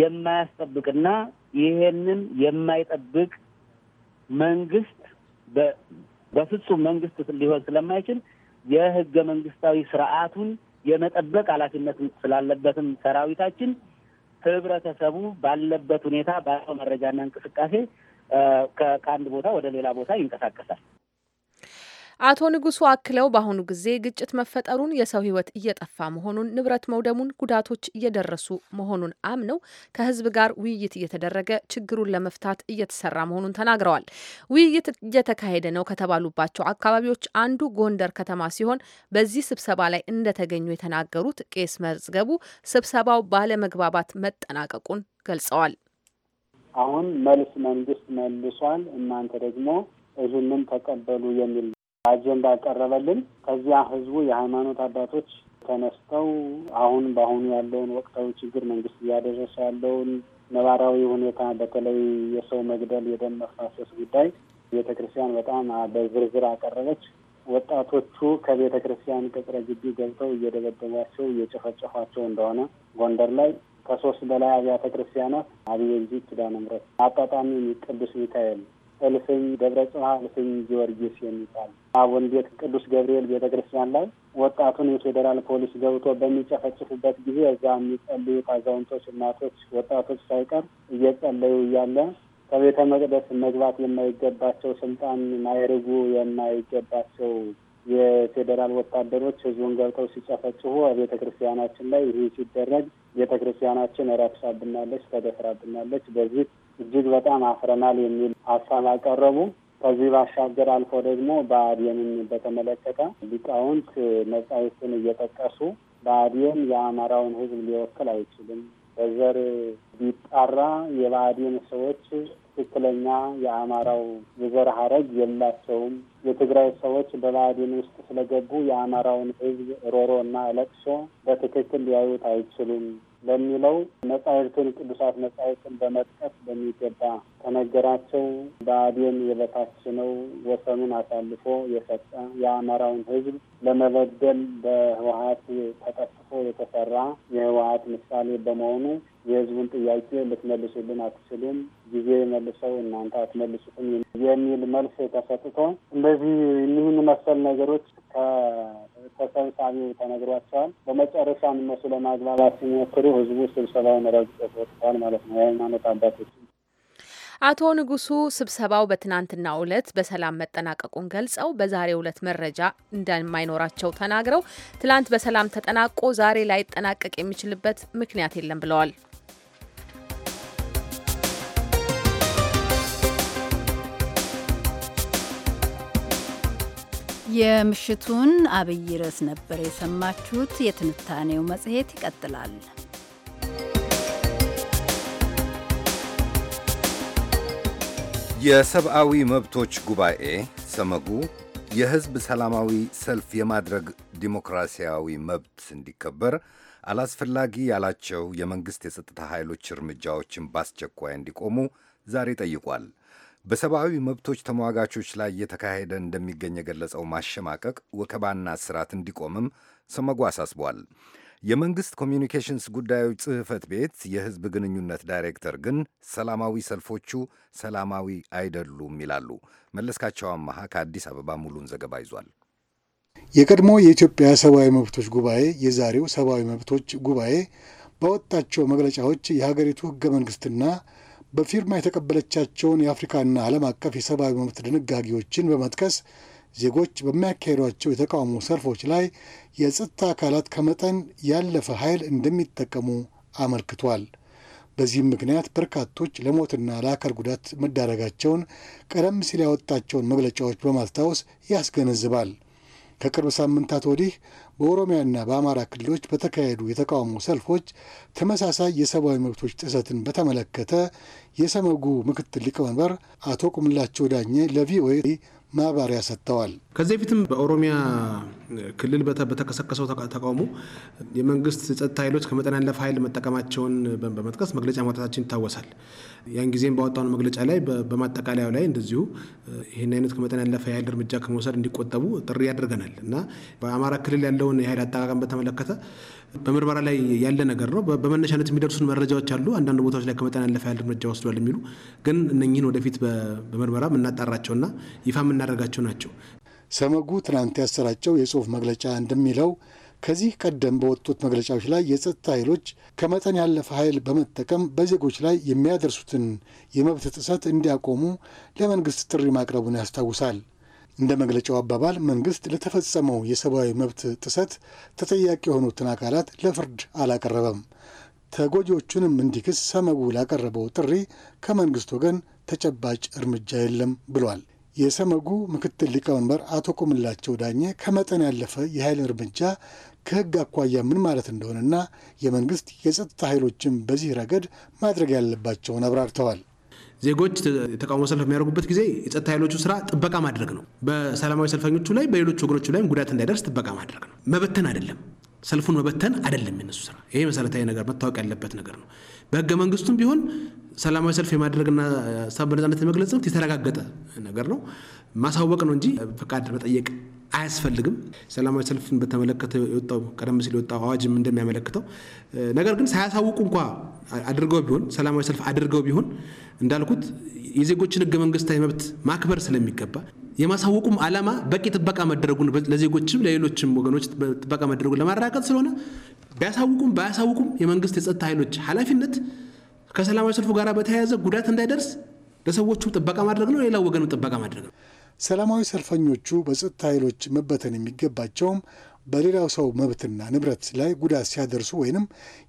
የማያስጠብቅና ይሄንን የማይጠብቅ መንግስት በፍጹም መንግስት ሊሆን ስለማይችል የህገ መንግስታዊ ስርዓቱን የመጠበቅ ኃላፊነት ስላለበትም ሰራዊታችን ህብረተሰቡ ባለበት ሁኔታ ባለው መረጃና እንቅስቃሴ ከአንድ ቦታ ወደ ሌላ ቦታ ይንቀሳቀሳል። አቶ ንጉሱ አክለው በአሁኑ ጊዜ ግጭት መፈጠሩን፣ የሰው ህይወት እየጠፋ መሆኑን፣ ንብረት መውደሙን፣ ጉዳቶች እየደረሱ መሆኑን አምነው ከህዝብ ጋር ውይይት እየተደረገ ችግሩን ለመፍታት እየተሰራ መሆኑን ተናግረዋል። ውይይት እየተካሄደ ነው ከተባሉባቸው አካባቢዎች አንዱ ጎንደር ከተማ ሲሆን በዚህ ስብሰባ ላይ እንደተገኙ የተናገሩት ቄስ መዝገቡ ስብሰባው ባለመግባባት መጠናቀቁን ገልጸዋል። አሁን መልስ መንግስት መልሷል፣ እናንተ ደግሞ እዙንም ተቀበሉ የሚል አጀንዳ ቀረበልን። ከዚያ ህዝቡ የሃይማኖት አባቶች ተነስተው አሁን በአሁኑ ያለውን ወቅታዊ ችግር መንግስት እያደረሰ ያለውን ነባራዊ ሁኔታ በተለይ የሰው መግደል፣ የደም መፋሰስ ጉዳይ ቤተ ክርስቲያን በጣም በዝርዝር አቀረበች። ወጣቶቹ ከቤተ ክርስቲያን ቅጥረ ግቢ ገብተው እየደበደቧቸው እየጨፈጨፏቸው እንደሆነ ጎንደር ላይ ከሶስት በላይ አብያተ ክርስቲያናት አብየ ጊዜ ኪዳነ ምሕረት አጣጣሚ ቅዱስ ሚካኤል፣ እልፍኝ ደብረ ጽባህ፣ እልፍኝ ጊዮርጊስ የሚባል ቤት ቅዱስ ገብርኤል ቤተ ክርስቲያን ላይ ወጣቱን የፌዴራል ፖሊስ ገብቶ በሚጨፈጭፉበት ጊዜ እዛ የሚጸልዩት አዛውንቶች፣ እናቶች፣ ወጣቶች ሳይቀር እየጸለዩ እያለ ከቤተ መቅደስ መግባት የማይገባቸው ስልጣን ማይርጉ የማይገባቸው የፌዴራል ወታደሮች ህዝቡን ገብተው ሲጨፈጭፉ ቤተ ክርስቲያናችን ላይ ይህ ሲደረግ ቤተ ክርስቲያናችን ረክሳብናለች፣ ተደፍራብናለች፣ በዚህ እጅግ በጣም አፍረናል የሚል ሀሳብ አቀረቡ። ከዚህ ባሻገር አልፎ ደግሞ ብአዴንን በተመለከተ ሊቃውንት መጻሕፍትን እየጠቀሱ ብአዴን የአማራውን ሕዝብ ሊወክል አይችልም፣ በዘር ቢጣራ የብአዴን ሰዎች ትክክለኛ የአማራው የዘር ሀረግ የላቸውም፣ የትግራይ ሰዎች በብአዴን ውስጥ ስለገቡ የአማራውን ሕዝብ ሮሮ እና ለቅሶ በትክክል ሊያዩት አይችሉም በሚለው መጻሕፍትን ቅዱሳት መጻሕፍትን በመጥቀስ በሚገባ ተነገራቸው። በአዴን የበታች ነው፣ ወሰኑን አሳልፎ የሰጠ የአማራውን ሕዝብ ለመበደል በህወሀት ተጠቅፎ የተሰራ የህወሀት ምሳሌ በመሆኑ የህዝቡን ጥያቄ ልትመልሱልን አትችሉም፣ ጊዜ መልሰው እናንተ አትመልሱትም የሚል መልስ ተሰጥቶ እንደዚህ እኒህን መሰል ነገሮች ከ ተሰብሳቢ ተነግሯቸዋል። በመጨረሻ እነሱ ለማግባባት ሲሞክሩ ህዝቡ ስብሰባውን ረግጦት ወጥተዋል ማለት ነው የሃይማኖት አባቶች አቶ ንጉሱ ስብሰባው በትናንትናው ዕለት በሰላም መጠናቀቁን ገልጸው በዛሬው ዕለት መረጃ እንደማይኖራቸው ተናግረው ትናንት በሰላም ተጠናቆ ዛሬ ላይጠናቀቅ የሚችልበት ምክንያት የለም ብለዋል። የምሽቱን አብይ ርዕስ ነበር የሰማችሁት። የትንታኔው መጽሔት ይቀጥላል። የሰብአዊ መብቶች ጉባኤ ሰመጉ የሕዝብ ሰላማዊ ሰልፍ የማድረግ ዲሞክራሲያዊ መብት እንዲከበር አላስፈላጊ ያላቸው የመንግሥት የጸጥታ ኃይሎች እርምጃዎችን በአስቸኳይ እንዲቆሙ ዛሬ ጠይቋል። በሰብአዊ መብቶች ተሟጋቾች ላይ እየተካሄደ እንደሚገኝ የገለጸው ማሸማቀቅ፣ ወከባና እስራት እንዲቆምም ሰመጉ አሳስቧል። የመንግሥት ኮሚኒኬሽንስ ጉዳዮች ጽሕፈት ቤት የሕዝብ ግንኙነት ዳይሬክተር ግን ሰላማዊ ሰልፎቹ ሰላማዊ አይደሉም ይላሉ። መለስካቸው አመሃ ከአዲስ አበባ ሙሉን ዘገባ ይዟል። የቀድሞ የኢትዮጵያ ሰብአዊ መብቶች ጉባኤ የዛሬው ሰብአዊ መብቶች ጉባኤ ባወጣቸው መግለጫዎች የሀገሪቱ ሕገ መንግሥትና በፊርማ የተቀበለቻቸውን የአፍሪካና ዓለም አቀፍ የሰብአዊ መብት ድንጋጌዎችን በመጥቀስ ዜጎች በሚያካሄዷቸው የተቃውሞ ሰልፎች ላይ የጸጥታ አካላት ከመጠን ያለፈ ኃይል እንደሚጠቀሙ አመልክቷል። በዚህም ምክንያት በርካቶች ለሞትና ለአካል ጉዳት መዳረጋቸውን ቀደም ሲል ያወጣቸውን መግለጫዎች በማስታወስ ያስገነዝባል። ከቅርብ ሳምንታት ወዲህ በኦሮሚያና በአማራ ክልሎች በተካሄዱ የተቃውሞ ሰልፎች ተመሳሳይ የሰብአዊ መብቶች ጥሰትን በተመለከተ የሰመጉ ምክትል ሊቀመንበር አቶ ቁምላቸው ዳኜ ለቪኦኤ ማብራሪያ ሰጥተዋል። ከዚህ በፊትም በኦሮሚያ ክልል በተቀሰቀሰው ተቃውሞ የመንግስት ጸጥታ ኃይሎች ከመጠን ያለፈ ኃይል መጠቀማቸውን በመጥቀስ መግለጫ ማውጣታችን ይታወሳል። ያን ጊዜም ባወጣነው መግለጫ ላይ በማጠቃለያው ላይ እንደዚሁ ይህን አይነት ከመጠን ያለፈ የኃይል እርምጃ ከመውሰድ እንዲቆጠቡ ጥሪ ያደርገናል እና በአማራ ክልል ያለውን የኃይል አጠቃቀም በተመለከተ በምርመራ ላይ ያለ ነገር ነው። በመነሻነት የሚደርሱን መረጃዎች አሉ። አንዳንድ ቦታዎች ላይ ከመጠን ያለፈ ያህል እርምጃ ወስዷል የሚሉ ግን እነህን ወደፊት በምርመራ የምናጣራቸውና ይፋ የምናደርጋቸው ናቸው። ሰመጉ ትናንት ያሰራጨው የጽሁፍ መግለጫ እንደሚለው ከዚህ ቀደም በወጡት መግለጫዎች ላይ የጸጥታ ኃይሎች ከመጠን ያለፈ ኃይል በመጠቀም በዜጎች ላይ የሚያደርሱትን የመብት ጥሰት እንዲያቆሙ ለመንግስት ጥሪ ማቅረቡን ያስታውሳል። እንደ መግለጫው አባባል መንግስት ለተፈጸመው የሰብአዊ መብት ጥሰት ተጠያቂ የሆኑትን አካላት ለፍርድ አላቀረበም። ተጎጂዎቹንም እንዲክስ ሰመጉ ላቀረበው ጥሪ ከመንግስት ወገን ተጨባጭ እርምጃ የለም ብሏል። የሰመጉ ምክትል ሊቀመንበር አቶ ቁምላቸው ዳኘ ከመጠን ያለፈ የኃይል እርምጃ ከህግ አኳያ ምን ማለት እንደሆነና የመንግስት የጸጥታ ኃይሎችን በዚህ ረገድ ማድረግ ያለባቸውን አብራርተዋል። ዜጎች የተቃውሞ ሰልፍ የሚያደርጉበት ጊዜ የጸጥታ ኃይሎቹ ስራ ጥበቃ ማድረግ ነው። በሰላማዊ ሰልፈኞቹ ላይ በሌሎች ወገኖቹ ላይም ጉዳት እንዳይደርስ ጥበቃ ማድረግ ነው። መበተን አይደለም፣ ሰልፉን መበተን አይደለም የነሱ ስራ። ይሄ መሰረታዊ ነገር መታወቅ ያለበት ነገር ነው። በህገ መንግስቱም ቢሆን ሰላማዊ ሰልፍ የማድረግና ሀሳብ በነጻነት የመግለጽ መብት የተረጋገጠ ነገር ነው። ማሳወቅ ነው እንጂ ፈቃድ መጠየቅ አያስፈልግም። ሰላማዊ ሰልፍን በተመለከተ የወጣው ቀደም ሲል የወጣው አዋጅም እንደሚያመለክተው ነገር ግን ሳያሳውቁ እንኳ አድርገው ቢሆን ሰላማዊ ሰልፍ አድርገው ቢሆን እንዳልኩት የዜጎችን ህገ መንግስታዊ መብት ማክበር ስለሚገባ የማሳወቁም ዓላማ በቂ ጥበቃ መደረጉን ለዜጎችም ለሌሎችም ወገኖች ጥበቃ መደረጉን ለማረጋገጥ ስለሆነ ቢያሳውቁም ባያሳውቁም የመንግስት የጸጥታ ኃይሎች ኃላፊነት ከሰላማዊ ሰልፉ ጋር በተያያዘ ጉዳት እንዳይደርስ ለሰዎቹ ጥበቃ ማድረግ ነው፣ ሌላው ወገንም ጥበቃ ማድረግ ነው። ሰላማዊ ሰልፈኞቹ በጸጥታ ኃይሎች መበተን የሚገባቸውም በሌላው ሰው መብትና ንብረት ላይ ጉዳት ሲያደርሱ ወይንም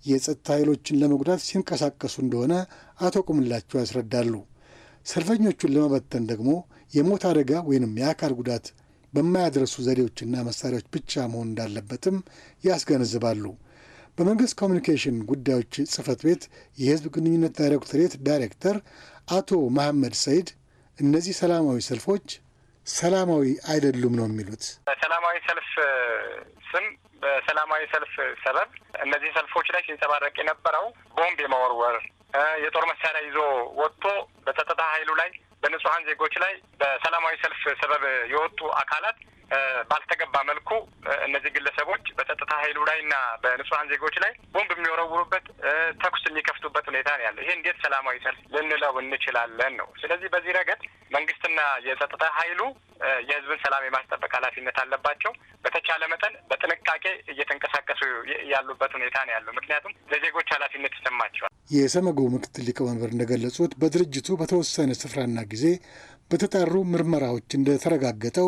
የጸጥታ ኃይሎችን ለመጉዳት ሲንቀሳቀሱ እንደሆነ አቶ ቁምላቸው ያስረዳሉ። ሰልፈኞቹን ለመበተን ደግሞ የሞት አደጋ ወይንም የአካል ጉዳት በማያደርሱ ዘዴዎችና መሳሪያዎች ብቻ መሆን እንዳለበትም ያስገነዝባሉ። በመንግስት ኮሚኒኬሽን ጉዳዮች ጽህፈት ቤት የህዝብ ግንኙነት ዳይሬክቶሬት ዳይሬክተር አቶ መሐመድ ሰይድ እነዚህ ሰላማዊ ሰልፎች ሰላማዊ አይደሉም ነው የሚሉት። በሰላማዊ ሰልፍ ስም በሰላማዊ ሰልፍ ሰበብ እነዚህ ሰልፎች ላይ ሲንጸባረቅ የነበረው ቦምብ የመወርወር የጦር መሳሪያ ይዞ ወጥቶ በጸጥታ ኃይሉ ላይ በንጹሀን ዜጎች ላይ በሰላማዊ ሰልፍ ሰበብ የወጡ አካላት ባልተገባ መልኩ እነዚህ ግለሰቦች በጸጥታ ኃይሉ ላይ እና በንጹሀን ዜጎች ላይ ቦምብ የሚወረውሩበት ተኩስ የሚከፍቱበት ሁኔታ ነው ያለው። ይሄ እንዴት ሰላማዊ ሰልፍ ልንለው እንችላለን ነው። ስለዚህ በዚህ ረገድ መንግስትና የጸጥታ ኃይሉ የህዝብን ሰላም የማስጠበቅ ኃላፊነት አለባቸው። በተቻለ መጠን በጥንቃቄ እየተንቀሳቀሱ ያሉበት ሁኔታ ነው ያለው። ምክንያቱም ለዜጎች ኃላፊነት ይሰማቸዋል። የሰመጉ ምክትል ሊቀመንበር እንደገለጹት በድርጅቱ በተወሰነ ስፍራና ጊዜ በተጣሩ ምርመራዎች እንደተረጋገጠው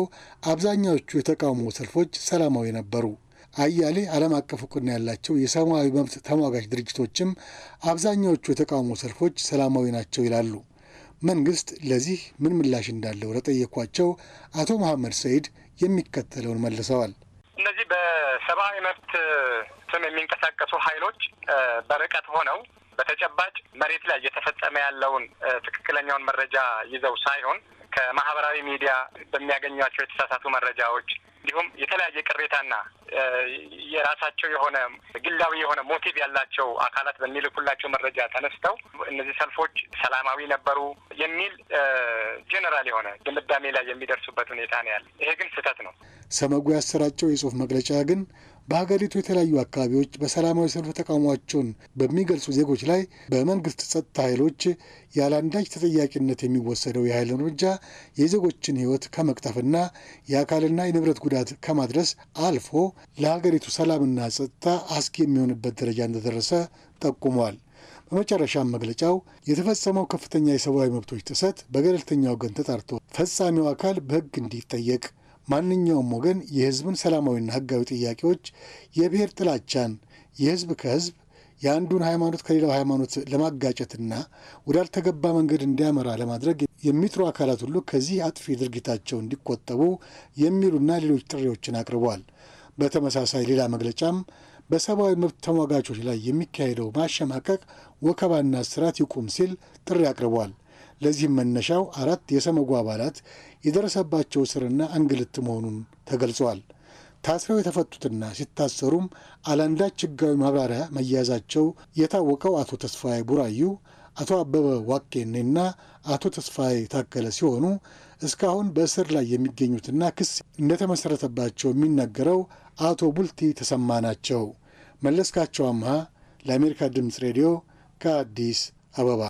አብዛኛዎቹ የተቃውሞ ሰልፎች ሰላማዊ ነበሩ። አያሌ ዓለም አቀፍ እውቅና ያላቸው የሰብአዊ መብት ተሟጋች ድርጅቶችም አብዛኛዎቹ የተቃውሞ ሰልፎች ሰላማዊ ናቸው ይላሉ። መንግስት ለዚህ ምን ምላሽ እንዳለው ለጠየኳቸው አቶ መሐመድ ሰይድ የሚከተለውን መልሰዋል። እነዚህ በሰብአዊ መብት ስም የሚንቀሳቀሱ ኃይሎች በርቀት ሆነው በተጨባጭ መሬት ላይ እየተፈጸመ ያለውን ትክክለኛውን መረጃ ይዘው ሳይሆን ከማህበራዊ ሚዲያ በሚያገኟቸው የተሳሳቱ መረጃዎች እንዲሁም የተለያየ ቅሬታና የራሳቸው የሆነ ግላዊ የሆነ ሞቲቭ ያላቸው አካላት በሚልኩላቸው መረጃ ተነስተው እነዚህ ሰልፎች ሰላማዊ ነበሩ የሚል ጀነራል የሆነ ድምዳሜ ላይ የሚደርሱበት ሁኔታ ነው ያለ። ይሄ ግን ስህተት ነው። ሰመጉ ያሰራጨው የጽሁፍ መግለጫ ግን በሀገሪቱ የተለያዩ አካባቢዎች በሰላማዊ ሰልፍ ተቃውሟቸውን በሚገልጹ ዜጎች ላይ በመንግስት ጸጥታ ኃይሎች ያለአንዳች ተጠያቂነት የሚወሰደው የኃይል እርምጃ የዜጎችን ሕይወት ከመቅጠፍና የአካልና የንብረት ጉዳት ከማድረስ አልፎ ለሀገሪቱ ሰላምና ጸጥታ አስጊ የሚሆንበት ደረጃ እንደደረሰ ጠቁሟል። በመጨረሻም መግለጫው የተፈጸመው ከፍተኛ የሰብአዊ መብቶች ጥሰት በገለልተኛ ወገን ተጣርቶ ፈጻሚው አካል በሕግ እንዲጠየቅ ማንኛውም ወገን የህዝብን ሰላማዊና ህጋዊ ጥያቄዎች፣ የብሔር ጥላቻን፣ የህዝብ ከህዝብ የአንዱን ሃይማኖት ከሌላው ሃይማኖት ለማጋጨትና ወዳልተገባ መንገድ እንዲያመራ ለማድረግ የሚጥሩ አካላት ሁሉ ከዚህ አጥፊ ድርጊታቸው እንዲቆጠቡ የሚሉና ሌሎች ጥሪዎችን አቅርቧል። በተመሳሳይ ሌላ መግለጫም በሰብአዊ መብት ተሟጋቾች ላይ የሚካሄደው ማሸማቀቅ፣ ወከባና ስርዓት ይቁም ሲል ጥሪ አቅርቧል። ለዚህም መነሻው አራት የሰመጉ አባላት የደረሰባቸው እስርና እንግልት መሆኑን ተገልጸዋል። ታስረው የተፈቱትና ሲታሰሩም አላንዳች ሕጋዊ ማብራሪያ መያዛቸው የታወቀው አቶ ተስፋዬ ቡራዩ፣ አቶ አበበ ዋቄኔና አቶ ተስፋዬ ታከለ ሲሆኑ እስካሁን በእስር ላይ የሚገኙትና ክስ እንደተመሰረተባቸው የሚነገረው አቶ ቡልቲ ተሰማ ናቸው። መለስካቸው አምሃ ለአሜሪካ ድምፅ ሬዲዮ ከአዲስ አበባ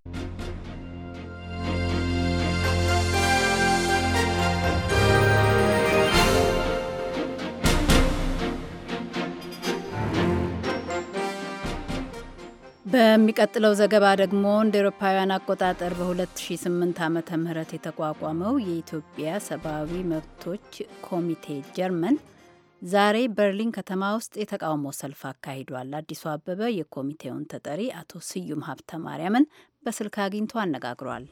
በሚቀጥለው ዘገባ ደግሞ እንደ ኤሮፓውያን አቆጣጠር በ2008 ዓመተ ምህረት የተቋቋመው የኢትዮጵያ ሰብአዊ መብቶች ኮሚቴ ጀርመን ዛሬ በርሊን ከተማ ውስጥ የተቃውሞ ሰልፍ አካሂዷል። አዲሱ አበበ የኮሚቴውን ተጠሪ አቶ ስዩም ሀብተ ማርያምን በስልክ አግኝቶ አነጋግሯል።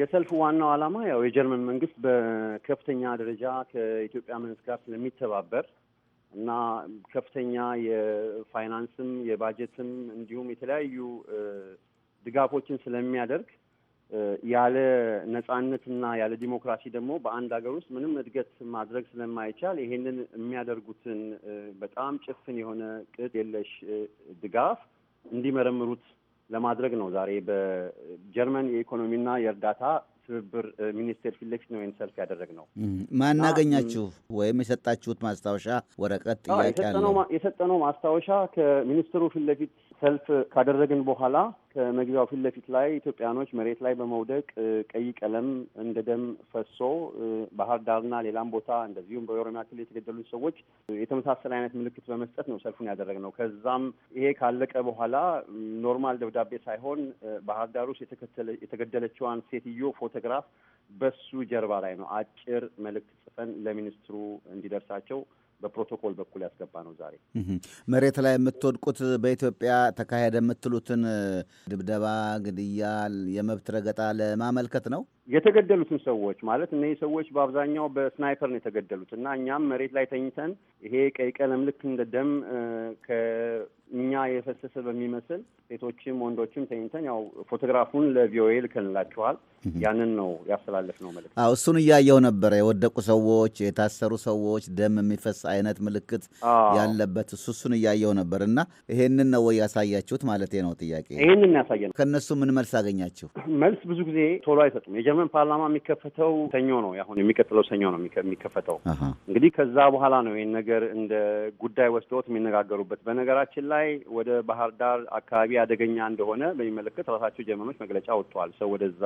የሰልፉ ዋናው ዓላማ ያው የጀርመን መንግስት በከፍተኛ ደረጃ ከኢትዮጵያ መንግስት ጋር ስለሚተባበር እና ከፍተኛ የፋይናንስም የባጀትም እንዲሁም የተለያዩ ድጋፎችን ስለሚያደርግ ያለ ነጻነትና ያለ ዲሞክራሲ ደግሞ በአንድ ሀገር ውስጥ ምንም እድገት ማድረግ ስለማይቻል ይሄንን የሚያደርጉትን በጣም ጭፍን የሆነ ቅጥ የለሽ ድጋፍ እንዲመረምሩት ለማድረግ ነው ዛሬ በጀርመን የኢኮኖሚና የእርዳታ ትብብር ሚኒስቴር ፊት ለፊት ነው ይህን ሰልፍ ነው። ማን ያገኛችሁ ወይም የሰጣችሁት ማስታወሻ ወረቀት ጥያቄ አለ? የሰጠነው ማስታወሻ ከሚኒስትሩ ፊት ለፊት ሰልፍ ካደረግን በኋላ ከመግቢያው ፊት ለፊት ላይ ኢትዮጵያኖች መሬት ላይ በመውደቅ ቀይ ቀለም እንደ ደም ፈሶ ባህር ዳርና ሌላም ቦታ እንደዚሁም በኦሮሚያ ክልል የተገደሉ ሰዎች የተመሳሰለ አይነት ምልክት በመስጠት ነው ሰልፉን ያደረግነው። ከዛም ይሄ ካለቀ በኋላ ኖርማል ደብዳቤ ሳይሆን ባህር ዳር ውስጥ የተገደለችዋን ሴትዮ ፎቶግራፍ በሱ ጀርባ ላይ ነው አጭር መልእክት ጽፈን ለሚኒስትሩ እንዲደርሳቸው በፕሮቶኮል በኩል ያስገባ ነው። ዛሬ መሬት ላይ የምትወድቁት በኢትዮጵያ ተካሄደ የምትሉትን ድብደባ፣ ግድያ፣ የመብት ረገጣ ለማመልከት ነው። የተገደሉትን ሰዎች ማለት እነዚህ ሰዎች በአብዛኛው በስናይፐር ነው የተገደሉት እና እኛም መሬት ላይ ተኝተን ይሄ ቀይ ቀለም ልክ እንደ ደም ከእኛ የፈሰሰ በሚመስል ሴቶችም ወንዶችም ተኝተን ያው ፎቶግራፉን ለቪኦኤ ልከንላችኋል። ያንን ነው ያስተላለፍ ነው መልዕክት። አዎ እሱን እያየው ነበረ። የወደቁ ሰዎች፣ የታሰሩ ሰዎች፣ ደም የሚፈስ አይነት ምልክት ያለበት እሱ እሱን እያየው ነበር እና ይሄንን ነው ወይ ያሳያችሁት ማለት ነው ጥያቄ። ይህንን ያሳየ ነው። ከእነሱ ምን መልስ አገኛችሁ? መልስ ብዙ ጊዜ ቶሎ አይሰጡም። የጀርመን ፓርላማ የሚከፈተው ሰኞ ነው። አሁን የሚቀጥለው ሰኞ ነው የሚከፈተው። እንግዲህ ከዛ በኋላ ነው ይህን ነገር እንደ ጉዳይ ወስደውት የሚነጋገሩበት። በነገራችን ላይ ወደ ባህር ዳር አካባቢ አደገኛ እንደሆነ በሚመለከት ራሳቸው ጀርመኖች መግለጫ ወጥተዋል። ሰው ወደዛ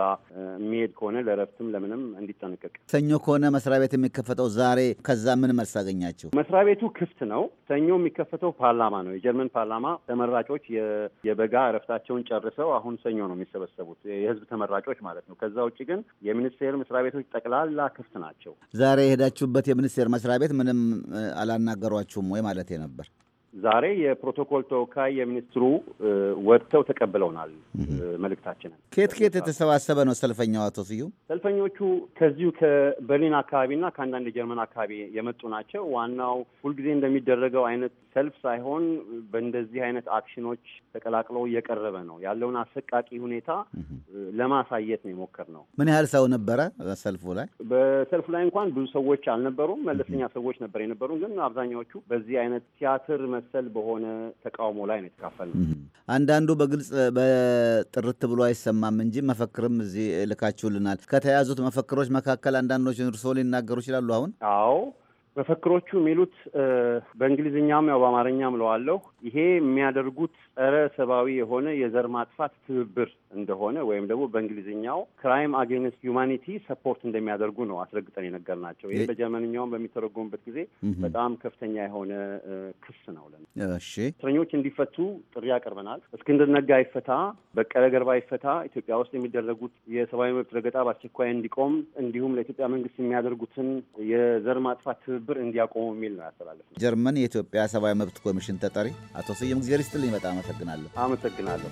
የሚሄድ ከሆነ ለረፍትም ለምንም እንዲጠነቀቅ። ሰኞ ከሆነ መስሪያ ቤት የሚከፈተው ዛሬ፣ ከዛ ምን መልስ አገኛችሁ? መስሪያ ቤቱ ክፍት ነው። ሰኞ የሚከፈተው ፓርላማ ነው። የጀርመን ፓርላማ ተመራጮች የበጋ እረፍታቸውን ጨርሰው አሁን ሰኞ ነው የሚሰበሰቡት፣ የህዝብ ተመራጮች ማለት ነው። ከዛ ውጭ ግን ግን የሚኒስቴር መስሪያ ቤቶች ጠቅላላ ክፍት ናቸው። ዛሬ የሄዳችሁበት የሚኒስቴር መስሪያ ቤት ምንም አላናገሯችሁም ወይ ማለት ነበር? ዛሬ የፕሮቶኮል ተወካይ የሚኒስትሩ ወጥተው ተቀብለውናል መልእክታችንን። ከየት ከየት የተሰባሰበ ነው ሰልፈኛው? አቶ ስዩም ሰልፈኞቹ ከዚሁ ከበርሊን አካባቢና ከአንዳንድ የጀርመን አካባቢ የመጡ ናቸው። ዋናው ሁልጊዜ እንደሚደረገው አይነት ሰልፍ ሳይሆን በእንደዚህ አይነት አክሽኖች ተቀላቅለው እየቀረበ ነው ያለውን አሰቃቂ ሁኔታ ለማሳየት ነው ነው። ምን ያህል ሰው ነበረ በሰልፉ ላይ? በሰልፉ ላይ እንኳን ብዙ ሰዎች አልነበሩም። መለስተኛ ሰዎች ነበር የነበሩ፣ ግን አብዛኛዎቹ በዚህ አይነት ቲያትር መሰል በሆነ ተቃውሞ ላይ ነው አንዳንዱ በግልጽ በጥርት ብሎ አይሰማም እንጂ መፈክርም እዚህ ልካችሁልናል። ከተያዙት መፈክሮች መካከል አንዳንዶችን እርስዎ ሊናገሩ ይችላሉ? አሁን አዎ መፈክሮቹ የሚሉት በእንግሊዝኛም ያው በአማርኛም ለዋለሁ ይሄ የሚያደርጉት ጸረ ሰብአዊ የሆነ የዘር ማጥፋት ትብብር እንደሆነ ወይም ደግሞ በእንግሊዝኛው ክራይም አጌንስት ሁማኒቲ ሰፖርት እንደሚያደርጉ ነው አስረግጠን ናቸው። ይህ በጀርመንኛውን በሚተረጎምበት ጊዜ በጣም ከፍተኛ የሆነ ክስ ነው ለ እስረኞች እንዲፈቱ ጥሪ ያቀርበናል። እስክንድር ነጋ ይፈታ፣ በቀለ ገርባ ይፈታ፣ ኢትዮጵያ ውስጥ የሚደረጉት የሰብአዊ መብት ረገጣ በአስቸኳይ እንዲቆም፣ እንዲሁም ለኢትዮጵያ መንግስት የሚያደርጉትን የዘር ማጥፋት ትብብር እንዲያቆሙ የሚል ነው ያስተላለፍ ነው። ጀርመን የኢትዮጵያ ሰብአዊ መብት ኮሚሽን ተጠሪ አቶ ስዩም እግዚአብሔር ይስጥልኝ። በጣም አመሰግናለሁ። አመሰግናለሁ።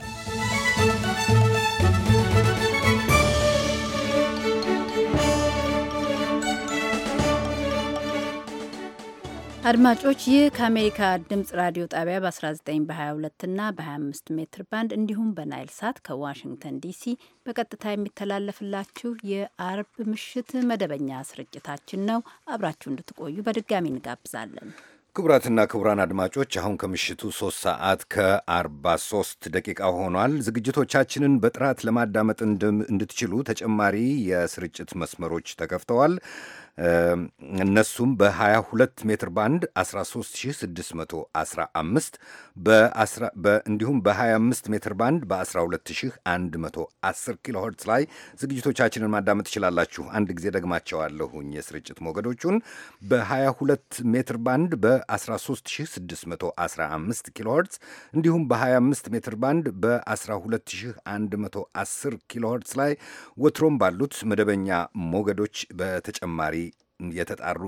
አድማጮች ይህ ከአሜሪካ ድምጽ ራዲዮ ጣቢያ በ19 በ22 እና በ25 ሜትር ባንድ እንዲሁም በናይል ሳት ከዋሽንግተን ዲሲ በቀጥታ የሚተላለፍላችሁ የአርብ ምሽት መደበኛ ስርጭታችን ነው። አብራችሁ እንድትቆዩ በድጋሚ እንጋብዛለን። ክቡራትና ክቡራን አድማጮች አሁን ከምሽቱ 3 ሰዓት ከ43 ደቂቃ ሆኗል። ዝግጅቶቻችንን በጥራት ለማዳመጥ እንድትችሉ ተጨማሪ የስርጭት መስመሮች ተከፍተዋል። እነሱም በ22 ሜትር ባንድ 13615 እንዲሁም በ25 ሜትር ባንድ በ12110 ኪሎ ሄርትስ ላይ ዝግጅቶቻችንን ማዳመጥ ትችላላችሁ። አንድ ጊዜ ደግማቸዋለሁኝ። የስርጭት ሞገዶቹን በ22 ሜትር ባንድ በ13615 ኪሎ ሄርትስ እንዲሁም በ25 ሜትር ባንድ በ12110 ኪሎ ሄርትስ ላይ ወትሮም ባሉት መደበኛ ሞገዶች በተጨማሪ የተጣሩ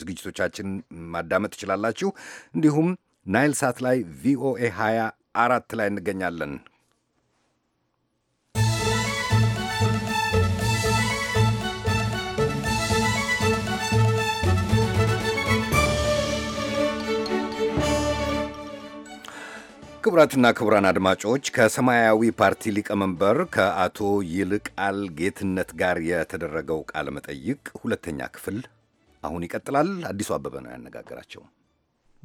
ዝግጅቶቻችን ማዳመጥ ትችላላችሁ። እንዲሁም ናይል ሳት ላይ ቪኦኤ 24 ላይ እንገኛለን። ክቡራትና ክቡራን አድማጮች ከሰማያዊ ፓርቲ ሊቀመንበር ከአቶ ይልቃል ጌትነት ጋር የተደረገው ቃለ መጠይቅ ሁለተኛ ክፍል አሁን ይቀጥላል። አዲሱ አበበ ነው ያነጋገራቸው።